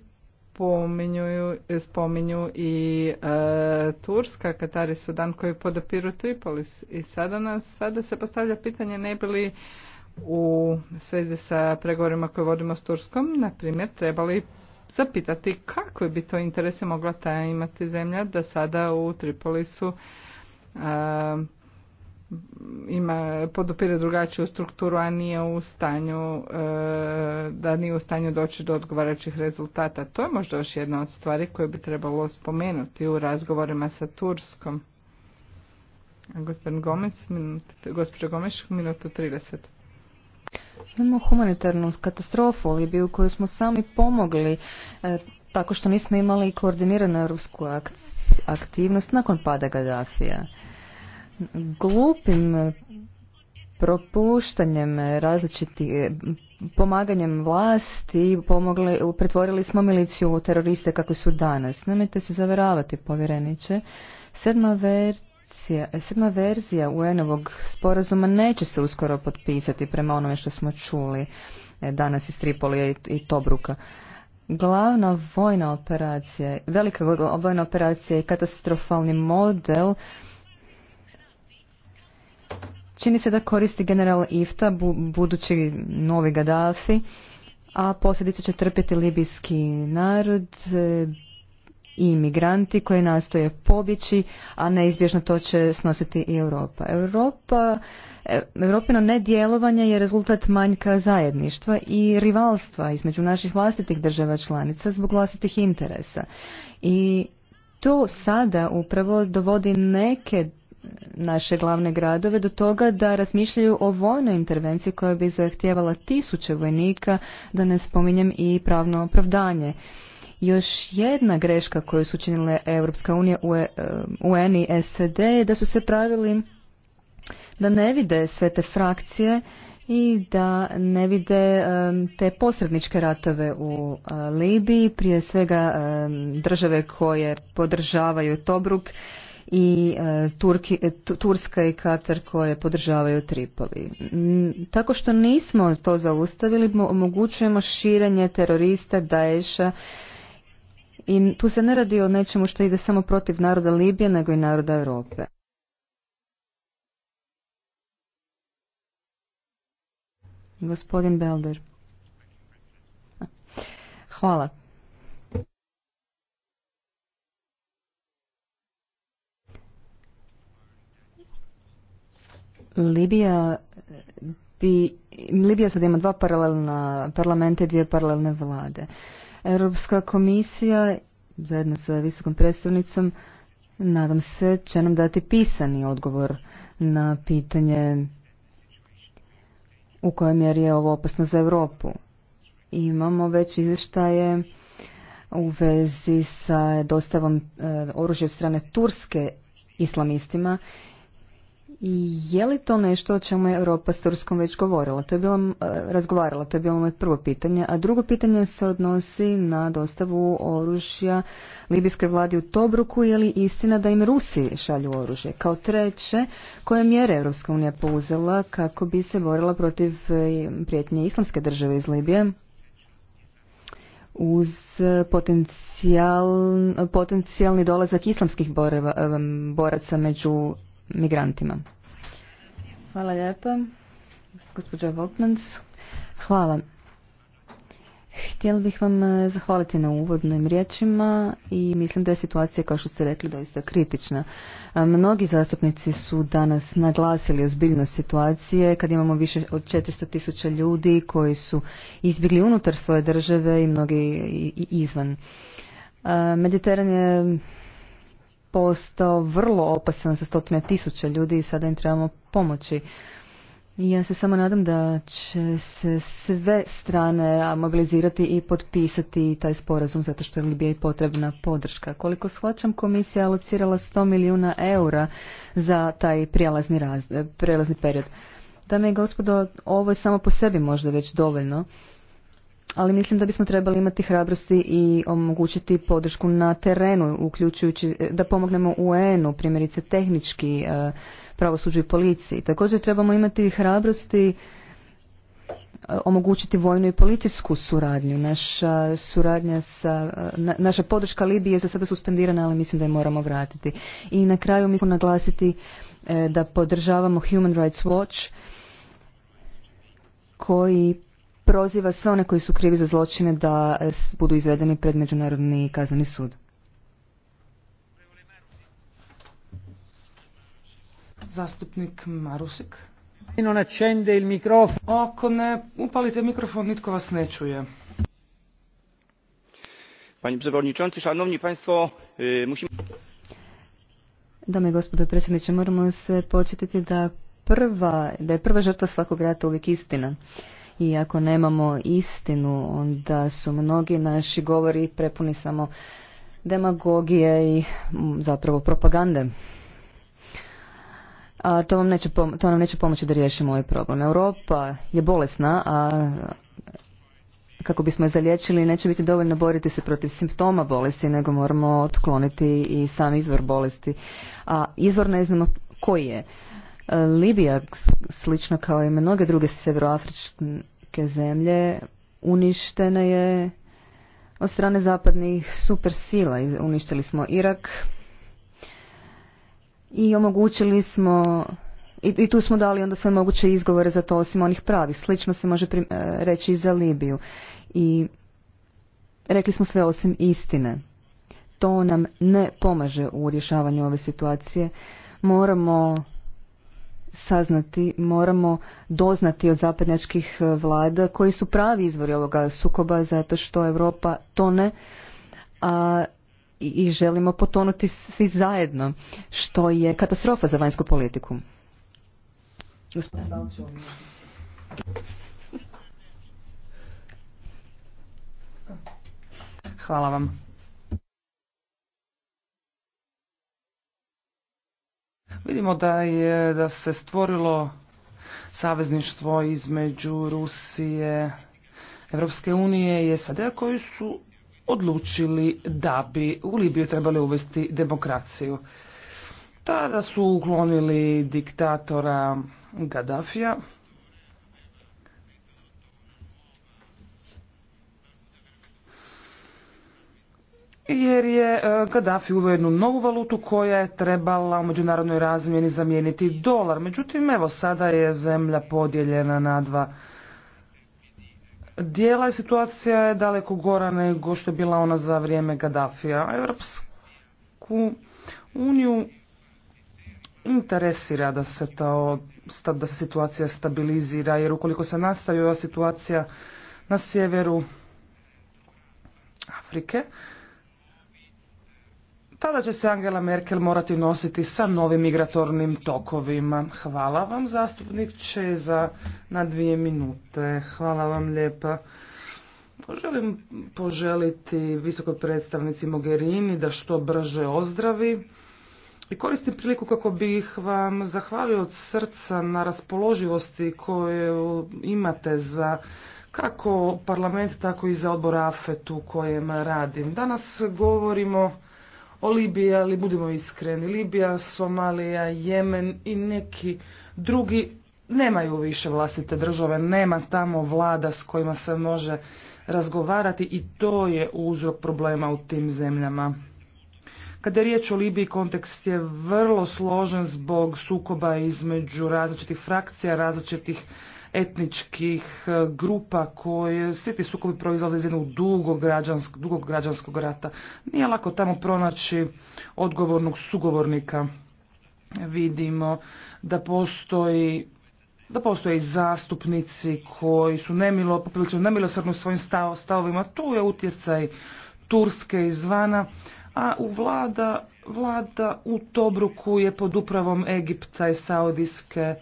spominju, spominju i e, Turska, Katari, Sudan koji podapiru Tripolis. I sada, nas, sada se postavlja pitanje ne bi li u svezi sa pregovorima koje vodimo s Turskom, na primjer, trebali zapitati kako bi to interese mogla ta imati zemlja da sada u Tripolisu e, ima podupire drugačiju strukturu, a nije u stanju e, da nije u stanju doći do odgovarajućih rezultata. To je možda još jedna od stvari koje bi trebalo spomenuti u razgovorima sa Turskom. Gospodin Gomez, minut, gospođa Gomes, minutu 30. Imamo humanitarnu katastrofu u Libiju koju smo sami pomogli e, tako što nismo imali koordiniranu europsku aktivnost nakon pada Gadafija glupim propuštanjem različitih pomaganjem vlasti pomogli, pretvorili smo miliciju u teroriste kako su danas. Nemojte se zaveravati, povjereniče. Sedma verzija, sedma verzija UN-ovog sporazuma neće se uskoro potpisati prema onome što smo čuli e, danas iz Tripolija i Tobruka. Glavna vojna operacija, velika vojna operacija i katastrofalni model Čini se da koristi general Ifta, budući novi Gaddafi, a posljedice će trpjeti libijski narod e, i imigranti koji nastoje pobjeći, a neizbježno to će snositi i Europa. Europa Europino nedjelovanje je rezultat manjka zajedništva i rivalstva između naših vlastitih država članica zbog vlastitih interesa. I to sada upravo dovodi neke naše glavne gradove do toga da razmišljaju o vojnoj intervenciji koja bi zahtijevala tisuće vojnika, da ne spominjem i pravno opravdanje. Još jedna greška koju su učinile Europska unija, UN e, i SED je da su se pravili da ne vide sve te frakcije i da ne vide te posredničke ratove u e, Libiji, prije svega države koje podržavaju Tobruk i e, Turki, Turska i Katar koje podržavaju Tripoli. Mm, tako što nismo to zaustavili, omogućujemo širenje terorista, daješa i tu se ne radi o nečemu što ide samo protiv naroda Libije, nego i naroda Europe. Gospodin Belder. Hvala. Libija bi, Libija sad ima dva paralelna parlamenta i dvije paralelne vlade. Europska komisija zajedno sa visokom predstavnicom nadam se će nam dati pisani odgovor na pitanje u kojoj mjeri je ovo opasno za Europu. Imamo već izvještaje u vezi sa dostavom e, oružja od strane Turske islamistima je li to nešto o čemu je Europa s Turskom već govorila? To je bilo, e, razgovarala, to je bilo moje prvo pitanje. A drugo pitanje se odnosi na dostavu oružja libijskoj vladi u Tobruku. Je li istina da im Rusi šalju oružje? Kao treće, koje mjere Europska unija pouzela kako bi se borila protiv e, prijetnje islamske države iz Libije? uz potencijal, potencijalni dolazak islamskih boraca među migrantima. Hvala lijepa. Gospođa Volkmans. Hvala. Htjela bih vam e, zahvaliti na uvodnim riječima i mislim da je situacija, kao što ste rekli, doista kritična. E, mnogi zastupnici su danas naglasili ozbiljnost situacije kad imamo više od 400 tisuća ljudi koji su izbjegli unutar svoje države i mnogi izvan. E, Mediteran je postao vrlo opasan za stotine tisuća ljudi i sada im trebamo pomoći. Ja se samo nadam da će se sve strane mobilizirati i potpisati taj sporazum zato što je Libija i potrebna podrška. Koliko shvaćam, komisija je alocirala 100 milijuna eura za taj prijelazni, prijelazni period. Dame i gospodo, ovo je samo po sebi možda već dovoljno, ali mislim da bismo trebali imati hrabrosti i omogućiti podršku na terenu, uključujući e, da pomognemo UN-u, primjerice tehnički e, pravosuđu i policiji. Također trebamo imati hrabrosti e, omogućiti vojnu i policijsku suradnju. Naša suradnja sa, na, naša podrška Libije je za sada suspendirana, ali mislim da je moramo vratiti. I na kraju mi naglasiti da podržavamo Human Rights Watch koji proziva sve one koji su krivi za zločine da e, budu izvedeni pred Međunarodni kazneni sud. Zastupnik Marusik. Non accende il microfono. Ako ne upalite mikrofon, nitko vas ne čuje. Panie przewodniczący, szanowni państwo, e, musimy... Dame i gospodo predsjedniče, moramo se podsjetiti da prva, da je prva žrtva svakog rata uvijek istina i ako nemamo istinu, onda su mnogi naši govori prepuni samo demagogije i zapravo propagande. A to, vam neće to nam neće pomoći da riješimo ovaj problem. Europa je bolesna, a kako bismo je zaliječili neće biti dovoljno boriti se protiv simptoma bolesti, nego moramo otkloniti i sam izvor bolesti. A izvor ne znamo koji je. Libija, slično kao i mnoge druge severoafričke zemlje, uništena je od strane zapadnih supersila. Uništili smo Irak i omogućili smo i, tu smo dali onda sve moguće izgovore za to osim onih pravih. Slično se može e, reći i za Libiju. I rekli smo sve osim istine. To nam ne pomaže u rješavanju ove situacije. Moramo saznati, moramo doznati od zapadnjačkih e, vlada koji su pravi izvori ovoga sukoba zato što Europa tone a, i želimo potonuti svi zajedno, što je katastrofa za vanjsku politiku. Hvala vam. Vidimo da je da se stvorilo savezništvo između Rusije, Evropske unije i SAD koji su odlučili da bi u Libiju trebali uvesti demokraciju. Tada su uklonili diktatora Gaddafija, jer je e, Gaddafi uveo jednu novu valutu koja je trebala u međunarodnoj razmjeni zamijeniti dolar. Međutim, evo sada je zemlja podijeljena na dva dijela i situacija je daleko gora nego što je bila ona za vrijeme Gaddafija. Evropsku uniju interesira da se ta da se situacija stabilizira jer ukoliko se nastavi ova situacija na sjeveru Afrike, tada će se Angela Merkel morati nositi sa novim migratornim tokovima. Hvala vam zastupnik Čeza na dvije minute. Hvala vam lijepa. Želim poželiti visokoj predstavnici Mogherini da što brže ozdravi. I koristim priliku kako bih vam zahvalio od srca na raspoloživosti koju imate za kako parlament, tako i za odbor AFET u kojem radim. Danas govorimo o Libiji, ali budimo iskreni, Libija, Somalija, Jemen i neki drugi nemaju više vlastite države, nema tamo vlada s kojima se može razgovarati i to je uzrok problema u tim zemljama. Kada je riječ o Libiji, kontekst je vrlo složen zbog sukoba između različitih frakcija, različitih etničkih e, grupa koje, svi ti sukobi proizlaze iz jednog dugog, dugog građanskog rata. Nije lako tamo pronaći odgovornog sugovornika. Vidimo da postoji da postoje zastupnici koji su nemilo, poprilično svojim stavovima. Tu je utjecaj Turske izvana, a u vlada, vlada u Tobruku je pod upravom Egipta i Saudijske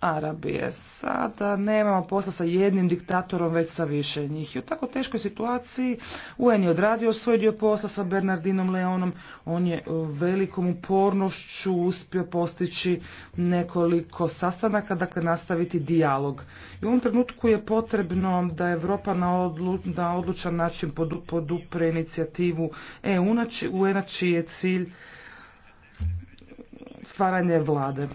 Arabije. Sada nemamo posla sa jednim diktatorom, već sa više njih. I u tako teškoj situaciji UN je odradio svoj dio posla sa Bernardinom Leonom. On je velikom upornošću uspio postići nekoliko sastanaka, dakle nastaviti dijalog. I u ovom trenutku je potrebno da Europa na, odlu, na odlučan način podupre inicijativu EU, na čiji je cilj stvaranje vlade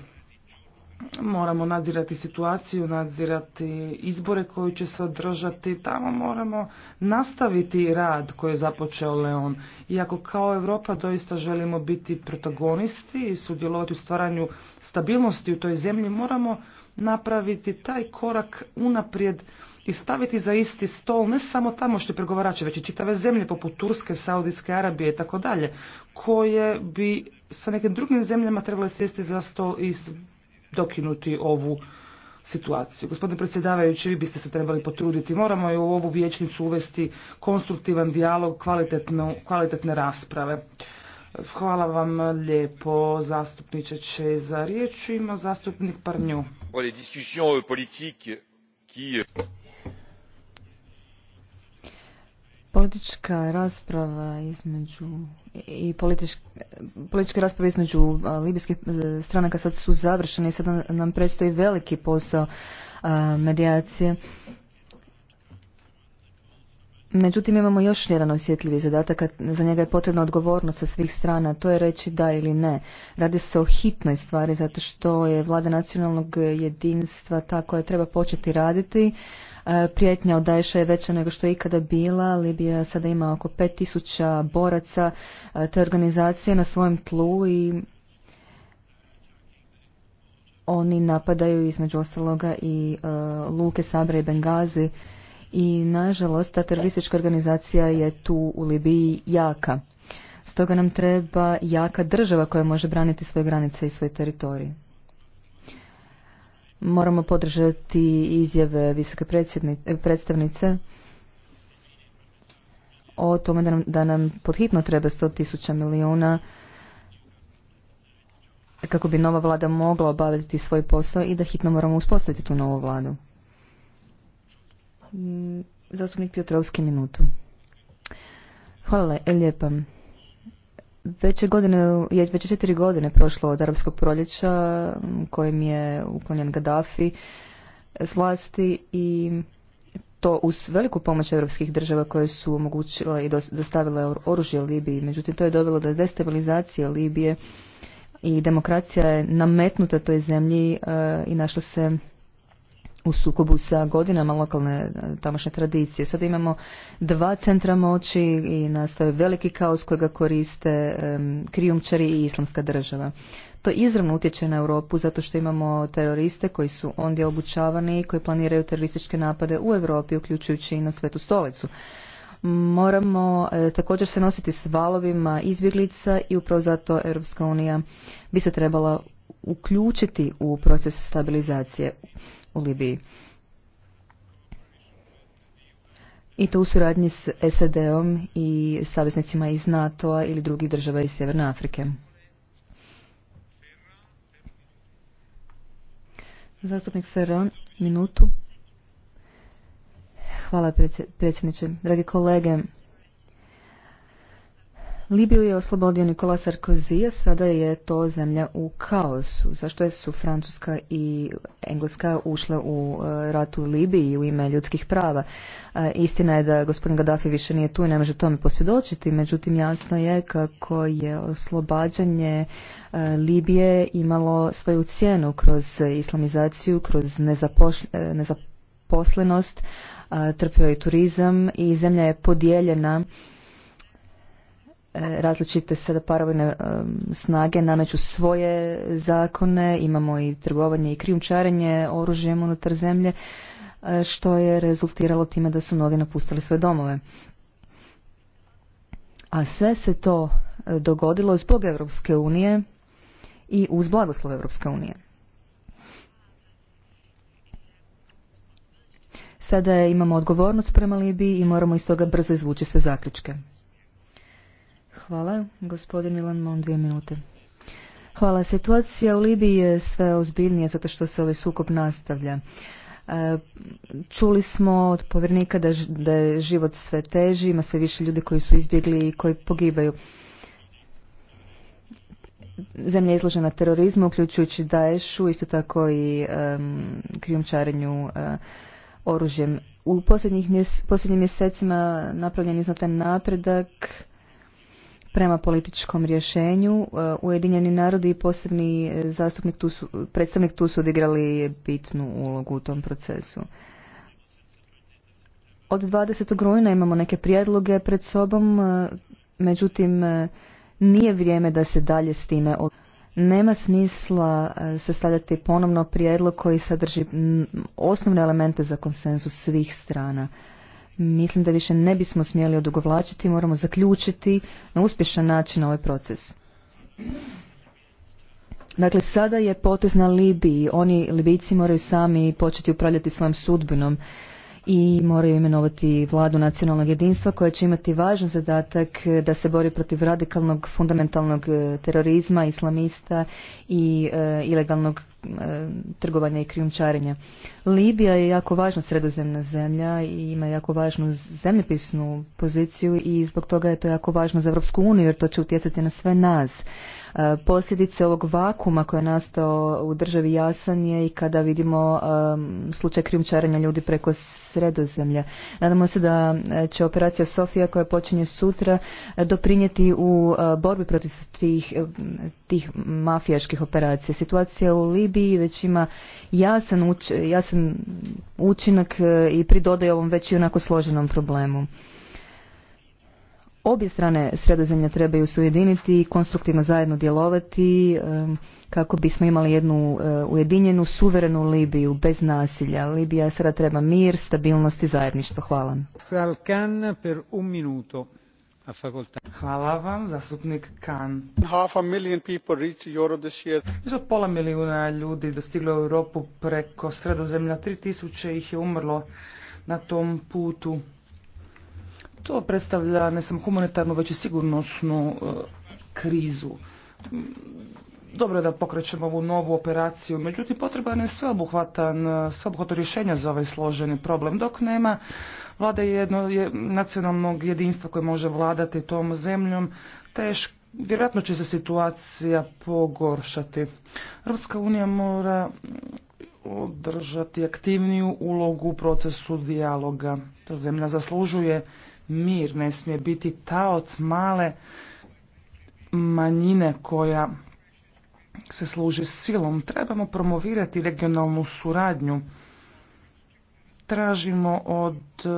moramo nadzirati situaciju, nadzirati izbore koji će se održati, tamo moramo nastaviti rad koji je započeo Leon. Iako kao Europa doista želimo biti protagonisti i sudjelovati u stvaranju stabilnosti u toj zemlji, moramo napraviti taj korak unaprijed i staviti za isti stol ne samo tamo što je pregovarače, već i čitave zemlje poput Turske, Saudijske Arabije i tako dalje, koje bi sa nekim drugim zemljama trebale sjesti za stol i dokinuti ovu situaciju. Gospodine predsjedavajući, vi biste se trebali potruditi. Moramo je u ovu vijećnicu uvesti konstruktivan dijalog, kvalitetne rasprave. Hvala vam lijepo, zastupniče Čezar. riječ. Ima zastupnik Parnju. Politička rasprava između i političke, rasprave između libijskih e, stranaka sad su završene i sad nam predstoji veliki posao a, medijacije. Međutim, imamo još jedan osjetljivi zadatak, za njega je potrebna odgovornost sa svih strana, to je reći da ili ne. Radi se o hitnoj stvari, zato što je vlada nacionalnog jedinstva ta koja treba početi raditi, E, prijetnja od je veća nego što je ikada bila. Libija sada ima oko 5000 boraca e, te organizacije na svojem tlu i oni napadaju između ostaloga i e, luke Sabre i Bengazi i nažalost ta teroristička organizacija je tu u Libiji jaka. Stoga nam treba jaka država koja može braniti svoje granice i svoje teritorije. Moramo podržati izjave visoke predstavnice o tome da nam, da nam podhitno treba 100.000 tisuća milijuna kako bi nova vlada mogla obaviti svoj posao i da hitno moramo uspostaviti tu novu vladu. Mm, zastupnik Piotrovski minutu. Hvala lijepa. Već je, godine, je već četiri godine prošlo od arapskog proljeća kojim je uklonjen Gaddafi s vlasti i to uz veliku pomoć europskih država koje su omogućile i dostavile oružje Libiji. Međutim, to je dovelo do destabilizacije Libije i demokracija je nametnuta toj zemlji e, i našla se u sukobu sa godinama lokalne e, tamošnje tradicije. Sada imamo dva centra moći i nastaje veliki kaos kojega koriste krijumčari i islamska država. To izravno utječe na Europu zato što imamo teroriste koji su ondje obučavani i koji planiraju terorističke napade u Europi, uključujući i na svetu stolicu. Moramo e, također se nositi s valovima izbjeglica i upravo zato Europska unija bi se trebala uključiti u proces stabilizacije u Libiji. I to u suradnji s SAD-om i saveznicima iz NATO-a ili drugih država iz Sjeverne Afrike. Zastupnik Ferran, minutu. Hvala predsjedniče. Dragi kolege, Libiju je oslobodio Nikola Sarkozy, a sada je to zemlja u kaosu. Zašto su Francuska i Engleska ušle u e, rat u Libiji u ime ljudskih prava? E, istina je da gospodin Gaddafi više nije tu i ne može tome posvjedočiti, međutim jasno je kako je oslobađanje e, Libije imalo svoju cijenu kroz islamizaciju, kroz nezaposlenost, trpio je turizam i zemlja je podijeljena E, različite sada paravojne e, snage nameću svoje zakone, imamo i trgovanje i krijumčarenje oružjem unutar zemlje, e, što je rezultiralo time da su mnogi napustili svoje domove. A sve se to dogodilo zbog Europske unije i uz blagoslov Europske unije. Sada imamo odgovornost prema Libiji i moramo iz toga brzo izvući sve zaključke. Hvala. Gospodin Milan Mon, dvije minute. Hvala. Situacija u Libiji je sve ozbiljnija zato što se ovaj sukob nastavlja. E, čuli smo od povjernika da, je život sve teži, ima sve više ljudi koji su izbjegli i koji pogibaju. Zemlja je izložena terorizmu, uključujući Daeshu, isto tako i krijumčarenju e, oružjem. U posljednjih posljednjim mjesecima napravljen je znatan napredak prema političkom rješenju. E, Ujedinjeni narodi i posebni e, zastupnik tu su, predstavnik tu su odigrali bitnu ulogu u tom procesu. Od 20. rujna imamo neke prijedloge pred sobom, e, međutim nije vrijeme da se dalje s time nema smisla sastavljati ponovno prijedlog koji sadrži osnovne elemente za konsenzus svih strana. Mislim da više ne bismo smjeli odugovlačiti, moramo zaključiti na uspješan način ovaj proces. Dakle, sada je potez na Libiji. Oni, Libijci, moraju sami početi upravljati svojom sudbinom i moraju imenovati vladu nacionalnog jedinstva koja će imati važan zadatak da se bori protiv radikalnog fundamentalnog e, terorizma, islamista i e, ilegalnog e, trgovanja i krijumčarenja. Libija je jako važna sredozemna zemlja i ima jako važnu zemljepisnu poziciju i zbog toga je to jako važno za Europsku uniju jer to će utjecati na sve nas. E, posljedice ovog vakuma koje je nastao u državi jasan je i kada vidimo slučaj krijumčarenja ljudi preko sredozemlja. Nadamo se da e, će operacija Sofija koja počinje sutra e, doprinijeti u borbi protiv tih, tih mafijaških operacija. Situacija u Libiji već ima jasan, jasan učinak i pridodaje ovom već i onako složenom problemu. Obje strane sredozemlja trebaju se ujediniti i konstruktivno zajedno djelovati kako bismo imali jednu e, ujedinjenu, suverenu Libiju bez nasilja. Libija sada treba mir, stabilnost i zajedništvo. Hvala. Hvala vam, zastupnik Kan. Više od pola milijuna ljudi dostiglo Europu preko sredozemlja. Tri tisuće ih je umrlo na tom putu. To predstavlja ne samo humanitarnu, već i sigurnosnu e, krizu. Dobro je da pokrećemo ovu novu operaciju, međutim potreban je sveobuhvatan, e, sveobuhvatan rješenja za ovaj složeni problem. Dok nema vlada jedno, je, nacionalnog jedinstva koje može vladati tom zemljom, teško vjerojatno će se situacija pogoršati. Europska unija mora održati aktivniju ulogu u procesu dijaloga. Ta zemlja zaslužuje mir ne smije biti taoc male manjine koja se služi silom. Trebamo promovirati regionalnu suradnju. Tražimo od e,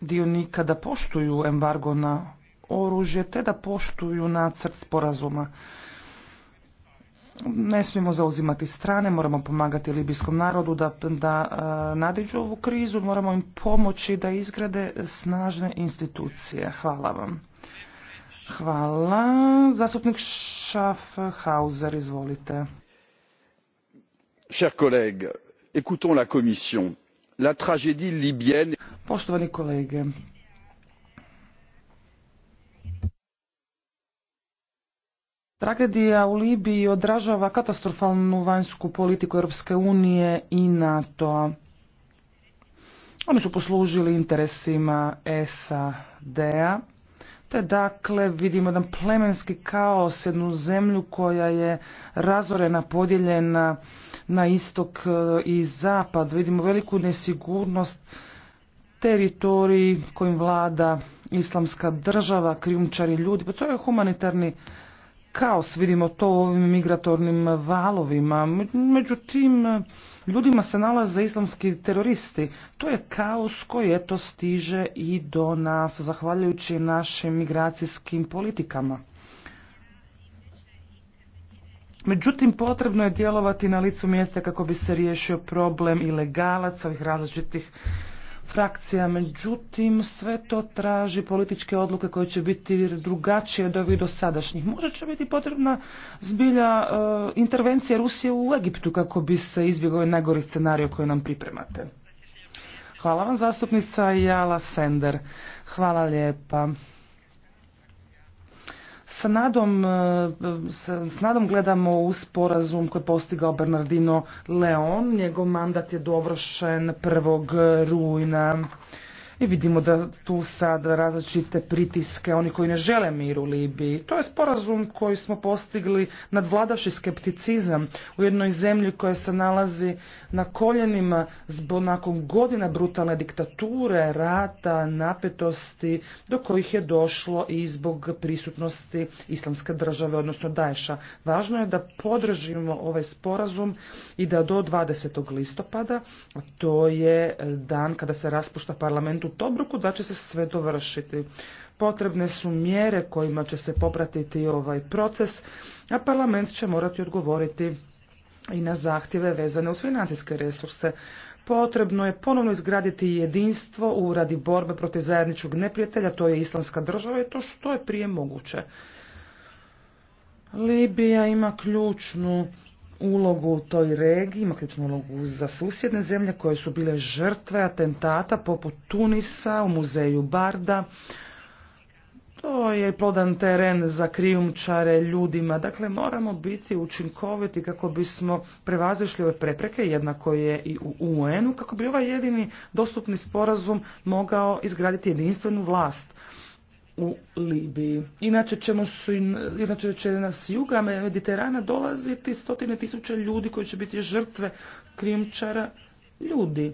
dionika da poštuju embargo na oružje te da poštuju nacrt sporazuma ne smijemo zauzimati strane, moramo pomagati libijskom narodu da, da e, nadiđu ovu krizu, moramo im pomoći da izgrade snažne institucije. Hvala vam. Hvala. Zastupnik Schaffhauser, izvolite. Cher collègues, écoutons la La tragédie libyenne. Poštovani kolege, Tragedija u Libiji odražava katastrofalnu vanjsku politiku Europske unije i NATO-a. Oni su poslužili interesima SAD-a, te dakle vidimo jedan plemenski kaos, jednu zemlju koja je razorena, podijeljena na istok e, i zapad. Vidimo veliku nesigurnost teritoriji kojim vlada islamska država, krijumčari ljudi. Pa to je humanitarni kaos, vidimo to u ovim migratornim valovima. Međutim, ljudima se nalaze islamski teroristi. To je kaos koji eto stiže i do nas, zahvaljujući našim migracijskim politikama. Međutim, potrebno je djelovati na licu mjesta kako bi se riješio problem ilegalaca, ovih različitih frakcija. Međutim, sve to traži političke odluke koje će biti drugačije od ovih dosadašnjih. Možda će biti potrebna zbilja e, intervencija Rusije u Egiptu kako bi se izbjegao najgori scenario koji nam pripremate. Hvala vam zastupnica Jala Sender. Hvala lijepa sa nadom, e, s nadom gledamo u sporazum koji je postigao Bernardino Leon. Njegov mandat je dovršen 1. rujna. I vidimo da tu sad različite pritiske, oni koji ne žele mir u Libiji. To je sporazum koji smo postigli nadvladavši skepticizam u jednoj zemlji koja se nalazi na koljenima zbog nakon godina brutalne diktature, rata, napetosti, do kojih je došlo i zbog prisutnosti islamske države, odnosno Daesha. Važno je da podržimo ovaj sporazum i da do 20. listopada, to je dan kada se raspušta parlament u da će se sve dovršiti. Potrebne su mjere kojima će se popratiti ovaj proces, a parlament će morati odgovoriti i na zahtjeve vezane uz financijske resurse. Potrebno je ponovno izgraditi jedinstvo u radi borbe protiv zajedničkog neprijatelja, to je islamska država i to što je prije moguće. Libija ima ključnu ulogu u toj regiji, ima ključnu ulogu za susjedne zemlje koje su bile žrtve atentata poput Tunisa u muzeju Barda. To je plodan teren za krijumčare ljudima. Dakle, moramo biti učinkoviti kako bismo prevazišli ove prepreke, jednako je i u UN-u, kako bi ovaj jedini dostupni sporazum mogao izgraditi jedinstvenu vlast u Libiji. Inače, ćemo su, inače će nas juga Mediterana dolaziti stotine tisuća ljudi koji će biti žrtve krimčara ljudi.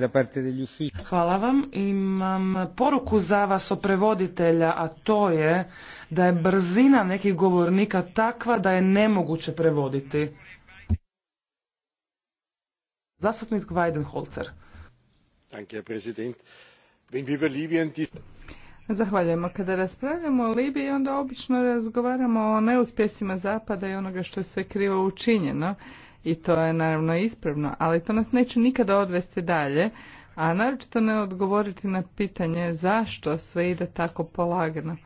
da parte degli Hvala vam. Imam poruku za vas od prevoditelja, a to je da je brzina nekih govornika takva da je nemoguće prevoditi. Zastupnik Weidenholzer. Kada raspravljamo o Libiji, onda obično razgovaramo o neuspjesima Zapada i onoga što je sve krivo učinjeno. I to je naravno ispravno, ali to nas neće nikada odvesti dalje, a naročito ne odgovoriti na pitanje zašto sve ide tako polagano.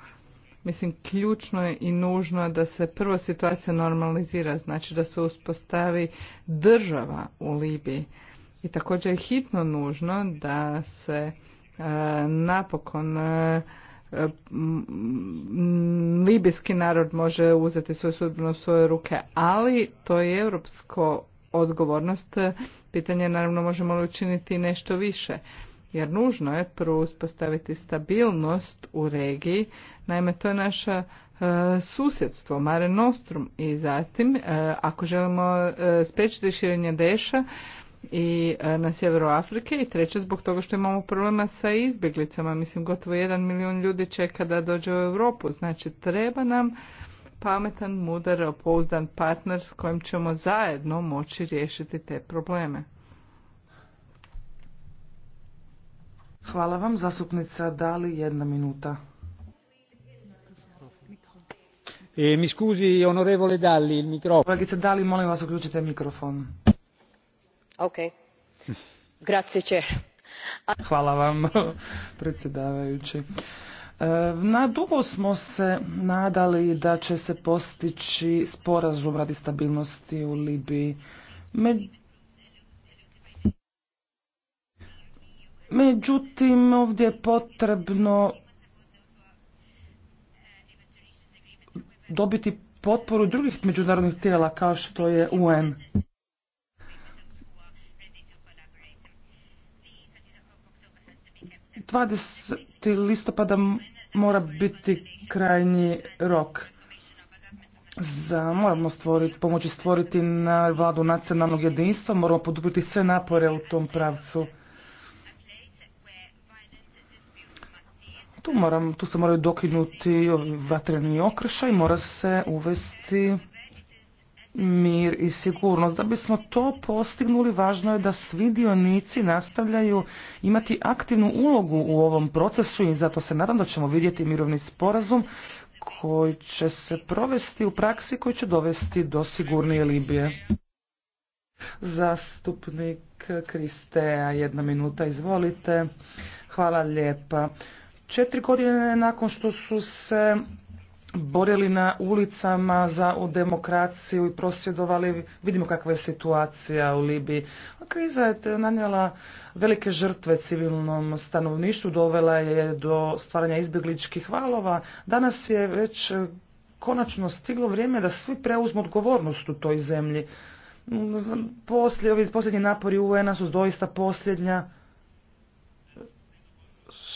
Mislim, ključno je i nužno da se prvo situacija normalizira, znači da se uspostavi država u Libiji. I također je hitno nužno da se e, napokon e, libijski narod može uzeti svoju sudbinu u svoje ruke, ali to je europsko odgovornost. Pitanje je naravno možemo li učiniti nešto više. Jer nužno je prvo uspostaviti stabilnost u regiji. Naime, to je naša e, susjedstvo, Mare Nostrum i zatim ako želimo spriječiti širenje Deša i e, na sjeveru Afrike i treće zbog toga što imamo problema sa izbjeglicama. Mislim gotovo jedan milijun ljudi čeka da dođe u Europu. Znači treba nam pametan, mudar, pouzdan partner s kojim ćemo zajedno moći riješiti te probleme. Hvala vam, zasupnica Dali, jedna minuta. E, mi scusi, onorevole Dali, il Kolegice Dali, molim vas, uključite mikrofon. Hvala vam, *laughs* predsjedavajući. E, na dugo smo se nadali da će se postići sporazum radi stabilnosti u Libiji. Međutim, ovdje je potrebno dobiti potporu drugih međunarodnih tijela kao što je UN. 20. listopada mora biti krajnji rok. Za, moramo stvoriti, pomoći stvoriti na vladu nacionalnog jedinstva, moramo podupiti sve napore u tom pravcu. Tu, moram, tu se moraju dokinuti vatreni okršaj, mora se uvesti mir i sigurnost. Da bismo to postignuli, važno je da svi dionici nastavljaju imati aktivnu ulogu u ovom procesu i zato se nadam da ćemo vidjeti mirovni sporazum koji će se provesti u praksi koji će dovesti do sigurnije Libije. Zastupnik Kristeja, jedna minuta, izvolite. Hvala lijepa. Četiri godine nakon što su se borili na ulicama za demokraciju i prosvjedovali. Vidimo kakva je situacija u Libiji. Kriza je nanijela velike žrtve civilnom stanovništvu, dovela je do stvaranja izbjegličkih valova. Danas je već eh, konačno stiglo vrijeme da svi preuzmu odgovornost u toj zemlji. Mm, poslije, ovi posljednji napori UN-a su doista posljednja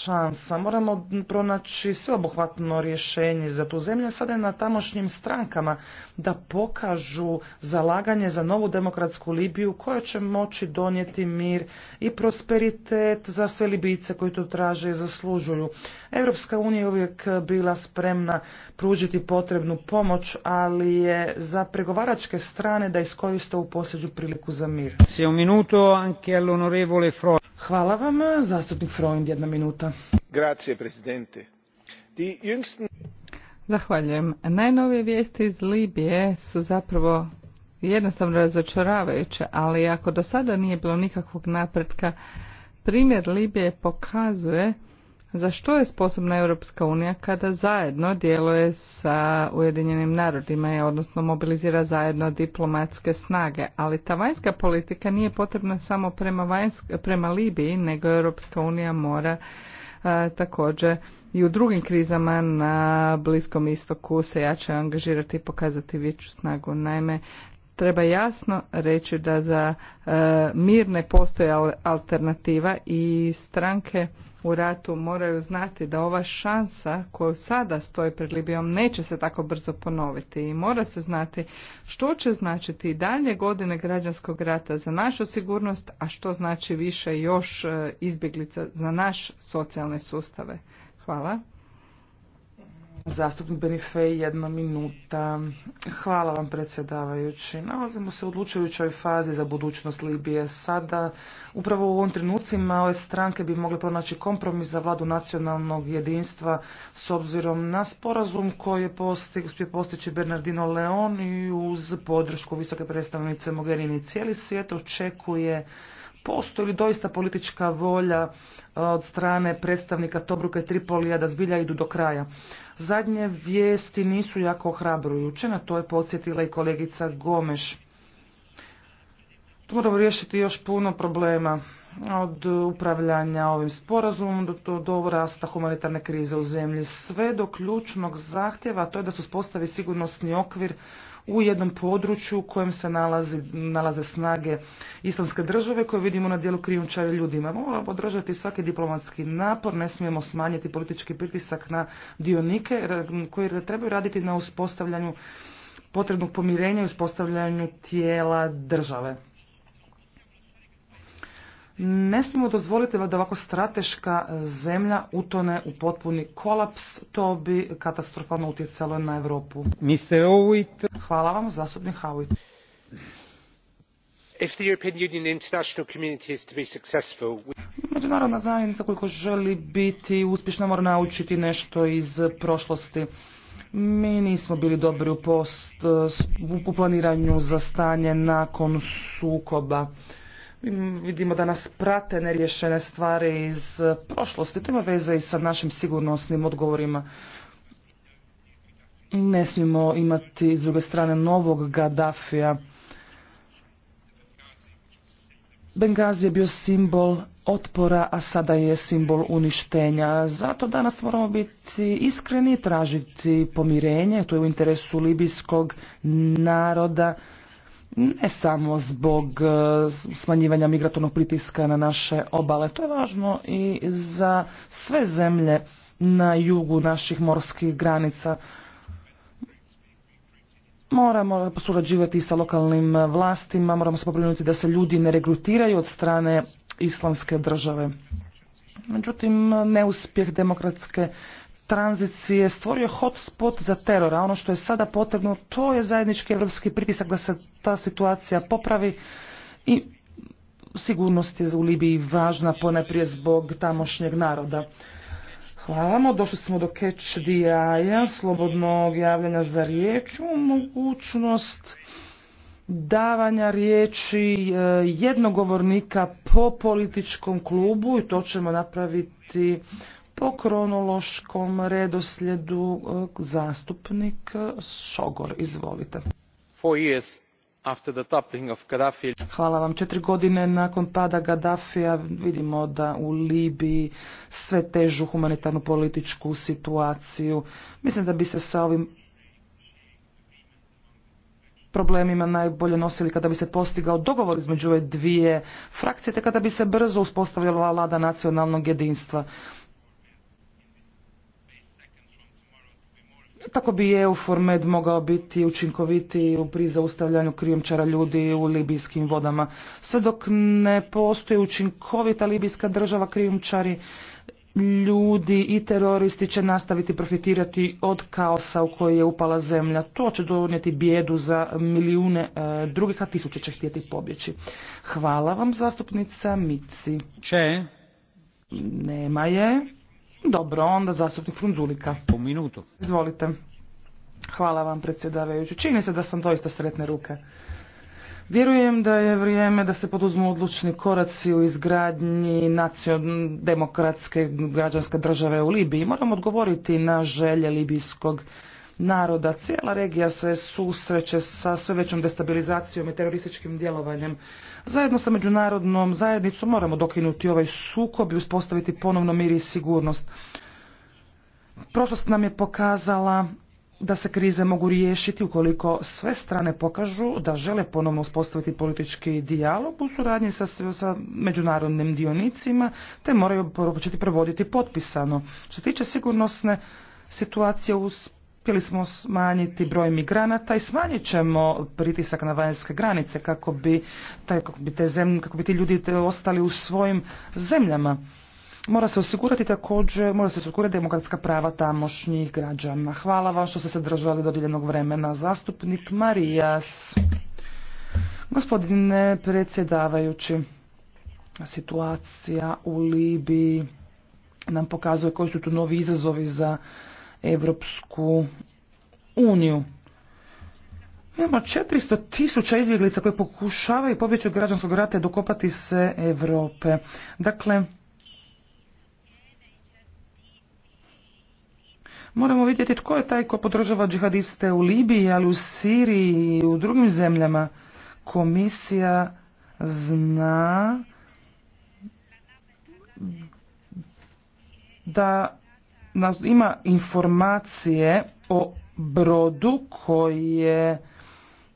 šansa. Moramo pronaći sveobuhvatno rješenje za tu zemlju. Sada je na tamošnjim strankama da pokažu zalaganje za novu demokratsku Libiju koja će moći donijeti mir i prosperitet za sve Libijice koji to traže i zaslužuju. Evropska unija je uvijek bila spremna pružiti potrebnu pomoć, ali je za pregovaračke strane da iskoriste u posljednju priliku za mir. Hvala vam. Zastupnik Freund, jedna minuta. Grazie, presidente. Zahvaljujem. Najnovije vijesti iz Libije su zapravo jednostavno razočaravajuće, ali ako do sada nije bilo nikakvog napretka, primjer Libije pokazuje za što je sposobna Europska unija kada zajedno djeluje sa Ujedinjenim narodima, odnosno mobilizira zajedno diplomatske snage. Ali ta vanjska politika nije potrebna samo prema, prema Libiji, nego Europska unija mora također i u drugim krizama na Bliskom istoku se jače angažirati i pokazati veću snagu. Naime, treba jasno reći da za e, mir ne postoji alternativa i stranke u ratu moraju znati da ova šansa koja sada stoji pred Libijom neće se tako brzo ponoviti i mora se znati što će značiti i dalje godine građanskog rata za našu sigurnost, a što znači više još e, izbjeglica za naš socijalne sustave. Hvala. Zastupnik Benifej, jedna minuta. Hvala vam predsjedavajući. Nalazimo se u odlučujućoj fazi za budućnost Libije. Sada, upravo u ovom trenucima, ove stranke bi mogle pronaći kompromis za vladu nacionalnog jedinstva s obzirom na sporazum koji je uspio postići Bernardino Leon i uz podršku visoke predstavnice Mogherini. Cijeli svijet očekuje postoji li doista politička volja eh, od strane predstavnika Tobruka i Tripolija da zbilja idu do kraja. Zadnje vijesti nisu jako ohrabrujuće, na to je podsjetila i kolegica Gomeš. Tu moramo riješiti još puno problema, od upravljanja ovim sporazumom do, do rasta humanitarne krize u zemlji, sve do ključnog zahtjeva, to je da se uspostavi sigurnosni okvir u jednom području u kojem se nalazi, nalaze snage islamske države koje vidimo na dijelu krijumčare ljudima. Moramo podržati svaki diplomatski napor, ne smijemo smanjiti politički pritisak na dionike koji trebaju raditi na uspostavljanju potrebnog pomirenja i uspostavljanju tijela države. Ne smijemo dozvoliti da ovako strateška zemlja utone u potpuni kolaps, to bi katastrofalno utjecalo na Europu. Hvala vam, zastupnik Howitt. If the European Union international community to be successful, Međunarodna zajednica koliko želi biti uspješna mora naučiti nešto iz prošlosti. Mi nismo bili dobri u, post, u planiranju za stanje nakon sukoba. Vidimo da nas prate nerješene stvari iz eh, prošlosti. To ima veze i sa našim sigurnosnim odgovorima. Ne smijemo imati s druge strane novog Gaddafija. Bengazi je bio simbol otpora, a sada je simbol uništenja. Zato danas moramo biti iskreni, tražiti pomirenje, to je u interesu libijskog naroda ne samo zbog e, smanjivanja migratornog pritiska na naše obale, to je važno i za sve zemlje na jugu naših morskih granica. Moramo surađivati sa lokalnim vlastima, moramo se pobrinuti da se ljudi ne regrutiraju od strane islamske države. Međutim, neuspjeh demokratske tranzicije stvorio hotspot za terora. Ono što je sada potrebno to je zajednički europski pritisak da se ta situacija popravi i sigurnost je u Libiji važna ponajprije zbog tamošnjeg naroda. Hvala. Došli smo do catch di slobodnog javljanja za riječ, mogućnost davanja riječi e, jednogovornika po političkom klubu i to ćemo napraviti po kronološkom redoslijedu e, zastupnik Šogor. Izvolite. Hvala vam. Četiri godine nakon pada Gaddafija vidimo da u Libiji sve težu humanitarnu političku situaciju. Mislim da bi se sa ovim problemima najbolje nosili kada bi se postigao dogovor između ove dvije frakcije te kada bi se brzo uspostavljala vlada nacionalnog jedinstva. Tako bi EUFORMED mogao biti učinkovitiji pri zaustavljanju krijumčara ljudi u libijskim vodama. Sve dok ne postoji učinkovita libijska država krijumčari, ljudi i teroristi će nastaviti profitirati od kaosa u koji je upala zemlja. To će donijeti bijedu za milijune e, drugih, a tisuće će htjeti pobjeći. Hvala vam, zastupnica Mici. Če? Nema je. Dobro, onda zastupnik Frunzulika. Po minutu. Izvolite. Hvala vam predsjedavajući. Čini se da sam doista sretne ruke. Vjerujem da je vrijeme da se poduzmu odlučni koraci u izgradnji nacional demokratske građanske države u Libiji. Moram odgovoriti na želje libijskog naroda. Cijela regija se susreće sa sve većom destabilizacijom i terorističkim djelovanjem. Zajedno sa međunarodnom zajednicom moramo dokinuti ovaj sukob i uspostaviti ponovno mir i sigurnost. Prošlost nam je pokazala da se krize mogu riješiti ukoliko sve strane pokažu da žele ponovno uspostaviti politički dijalog u suradnji sa, sa međunarodnim dionicima te moraju početi provoditi potpisano. Što se tiče sigurnosne situacije u Htjeli smo smanjiti broj migranata i smanjit ćemo pritisak na vanjske granice kako bi, taj, kako bi, te zemlje, kako bi ti ljudi ostali u svojim zemljama. Mora se osigurati također, mora se osigurati demokratska prava tamošnjih građana. Hvala vam što ste se držali dodijeljenog vremena. Zastupnik Marijas. Gospodine predsjedavajući, situacija u Libiji nam pokazuje koji su tu novi izazovi za Evropsku uniju. Imamo 400 tisuća izbjeglica koje pokušavaju pobjeći od građanskog rata i dokopati se Europe. Dakle, moramo vidjeti tko je taj ko podržava džihadiste u Libiji, ali u Siriji i u drugim zemljama. Komisija zna da ima informacije o brodu koji je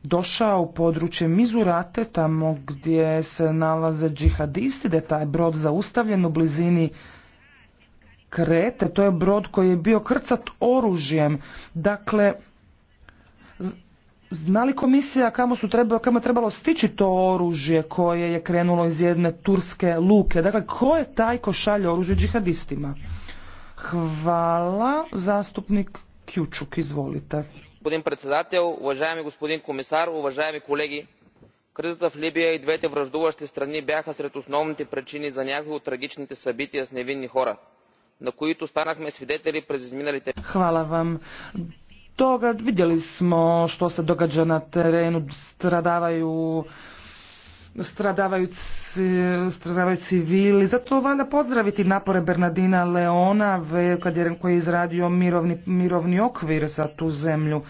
došao u područje Mizurate, tamo gdje se nalaze džihadisti, da je taj brod zaustavljen u blizini Krete. To je brod koji je bio krcat oružjem. Dakle, zna li komisija kamo, su trebalo, kamo trebalo stići to oružje koje je krenulo iz jedne turske luke? Dakle, ko je taj ko šalje oružje džihadistima? Hvala. Zastupnik Kjučuk, izvolite. Gospodin predsjedatel, uvažajami gospodin komisar, kolegi, krizata Libija i dvete vražduvašte strani bjaha sred osnovnite pričini za njakve od tragičnite sabitija s hora, na koji to stanahme svideteli prez izminalite... Hvala vam. Vidjeli smo što se događa na terenu, stradavaju stradavaju, stradavaju civili. Zato valja pozdraviti napore Bernardina Leona kad je, koji je izradio mirovni, mirovni okvir za tu zemlju.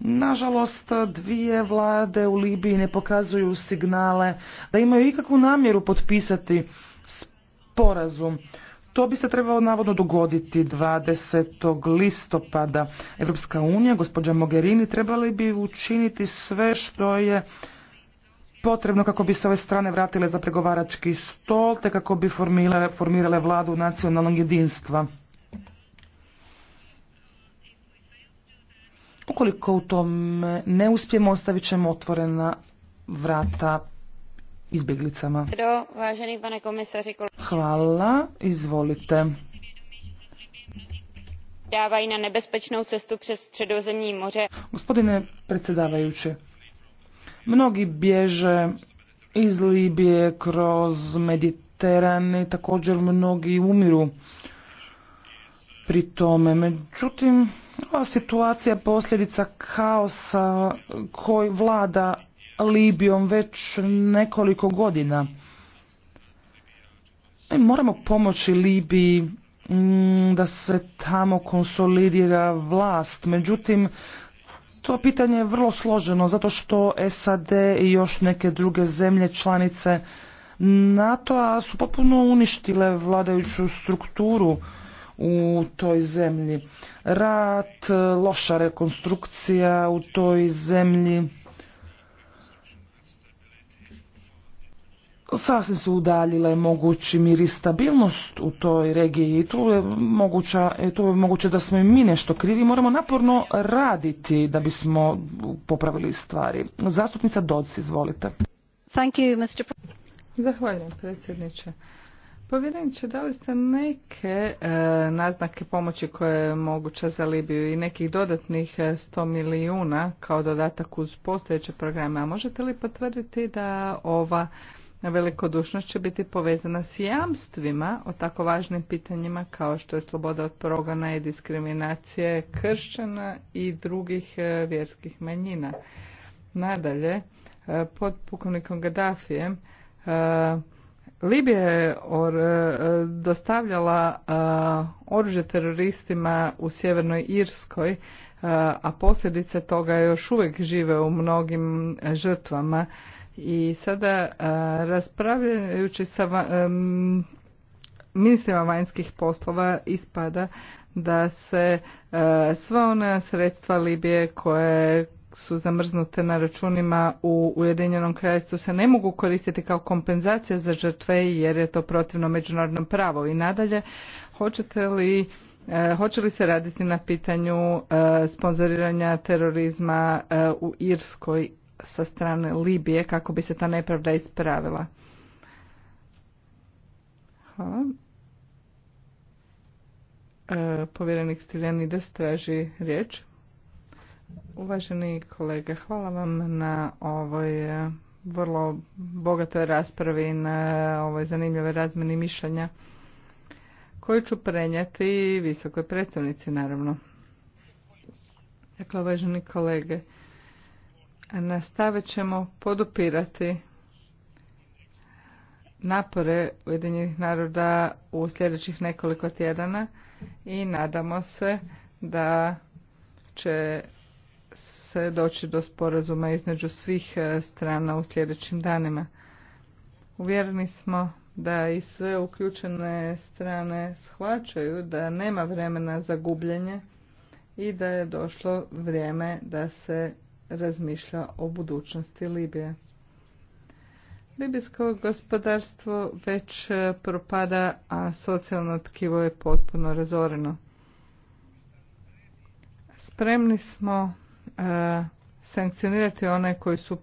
Nažalost, dvije vlade u Libiji ne pokazuju signale da imaju ikakvu namjeru potpisati sporazum. To bi se trebalo navodno dogoditi 20. listopada. Evropska unija, gospođa Mogherini, trebali bi učiniti sve što je potrebno kako bi se ove strane vratile za pregovarački stol te kako bi formirale vladu nacionalnog jedinstva. Ukoliko u tom ne uspijemo, ostavit ćemo otvorena vrata izbjeglicama. Hvala, izvolite. na nebezpečnou cestu přes středozemní moře. Gospodine predsjedavajući, Mnogi bježe iz Libije kroz Mediteran i također mnogi umiru pri tome. Međutim, ova situacija je posljedica kaosa koji vlada Libijom već nekoliko godina. Mi moramo pomoći Libiji mm, da se tamo konsolidira vlast. Međutim, to pitanje je vrlo složeno zato što SAD i još neke druge zemlje članice NATO-a su potpuno uništile vladajuću strukturu u toj zemlji. Rat, loša rekonstrukcija u toj zemlji sasvim su udaljile mogući mir i stabilnost u toj regiji i tu je, moguća, e, tu moguće da smo i mi nešto krivi. Moramo naporno raditi da bismo popravili stvari. Zastupnica Dodds, izvolite. Thank you, Mr. Zahvaljujem, predsjedniče. Povjereniče, dali ste neke e, naznake pomoći koje je moguća za Libiju i nekih dodatnih 100 e, milijuna kao dodatak uz postojeće programe. A možete li potvrditi da ova velikodušnost će biti povezana s jamstvima o tako važnim pitanjima kao što je sloboda od progona i diskriminacije kršćana i drugih e, vjerskih manjina. Nadalje, e, pod pukovnikom Gaddafijem e, Libija je dostavljala oružje teroristima u sjevernoj Irskoj, a posljedice toga još uvijek žive u mnogim žrtvama i sada raspravljajući sa ministrima vanjskih poslova ispada da se e, sva ona sredstva Libije koje su zamrznute na računima u Ujedinjenom kraljestvu se ne mogu koristiti kao kompenzacija za žrtve jer je to protivno međunarodnom pravu. I nadalje, hoćete e, Hoće li se raditi na pitanju e, sponzoriranja terorizma u Irskoj sa strane Libije kako bi se ta nepravda ispravila. Hvala. E, povjerenik Stiljanides traži riječ. Uvaženi kolege, hvala vam na ovoj e, vrlo bogatoj raspravi, i na ovoj zanimljivoj razmeni mišljenja koju ću prenijeti visokoj predstavnici, naravno. Dakle, uvaženi kolege, nastavit ćemo podupirati napore Ujedinjenih naroda u sljedećih nekoliko tjedana i nadamo se da će se doći do sporazuma između svih e, strana u sljedećim danima. Uvjereni smo da i sve uključene strane shvaćaju da nema vremena za gubljenje i da je došlo vrijeme da se razmišlja o budućnosti Libije. Libijsko gospodarstvo već propada, a socijalno tkivo je potpuno razoreno. Spremni smo e, sankcionirati one koji su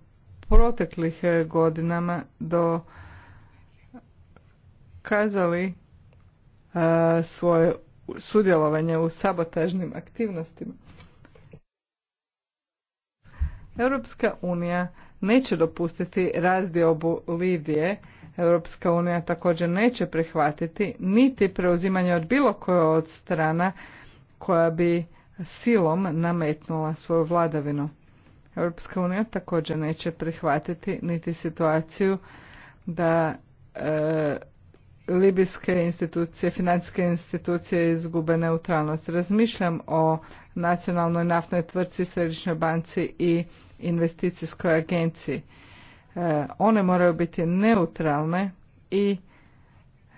proteklih e, godinama dokazali e, e, svoje sudjelovanje u sabotažnim aktivnostima. Europska unija neće dopustiti razdiobu Lidije. Europska unija također neće prihvatiti niti preuzimanje od bilo koje od strana koja bi silom nametnula svoju vladavinu. Europska unija također neće prihvatiti niti situaciju da e, libijske institucije, financijske institucije izgube neutralnost. Razmišljam o nacionalnoj naftnoj tvrci, središnjoj banci i investicijskoj agenciji. E, one moraju biti neutralne i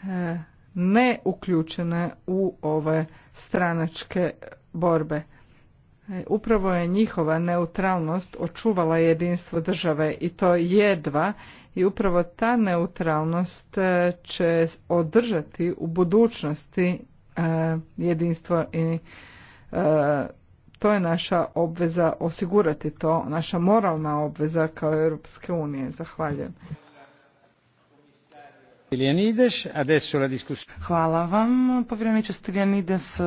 e, ne uključene u ove stranačke borbe. E, upravo je njihova neutralnost očuvala jedinstvo države i to jedva i upravo ta neutralnost e, će održati u budućnosti e, jedinstvo i to je naša obveza osigurati to, naša moralna obveza kao Europske unije. Zahvaljujem. Hvala vam, povjereniče Stiljanides.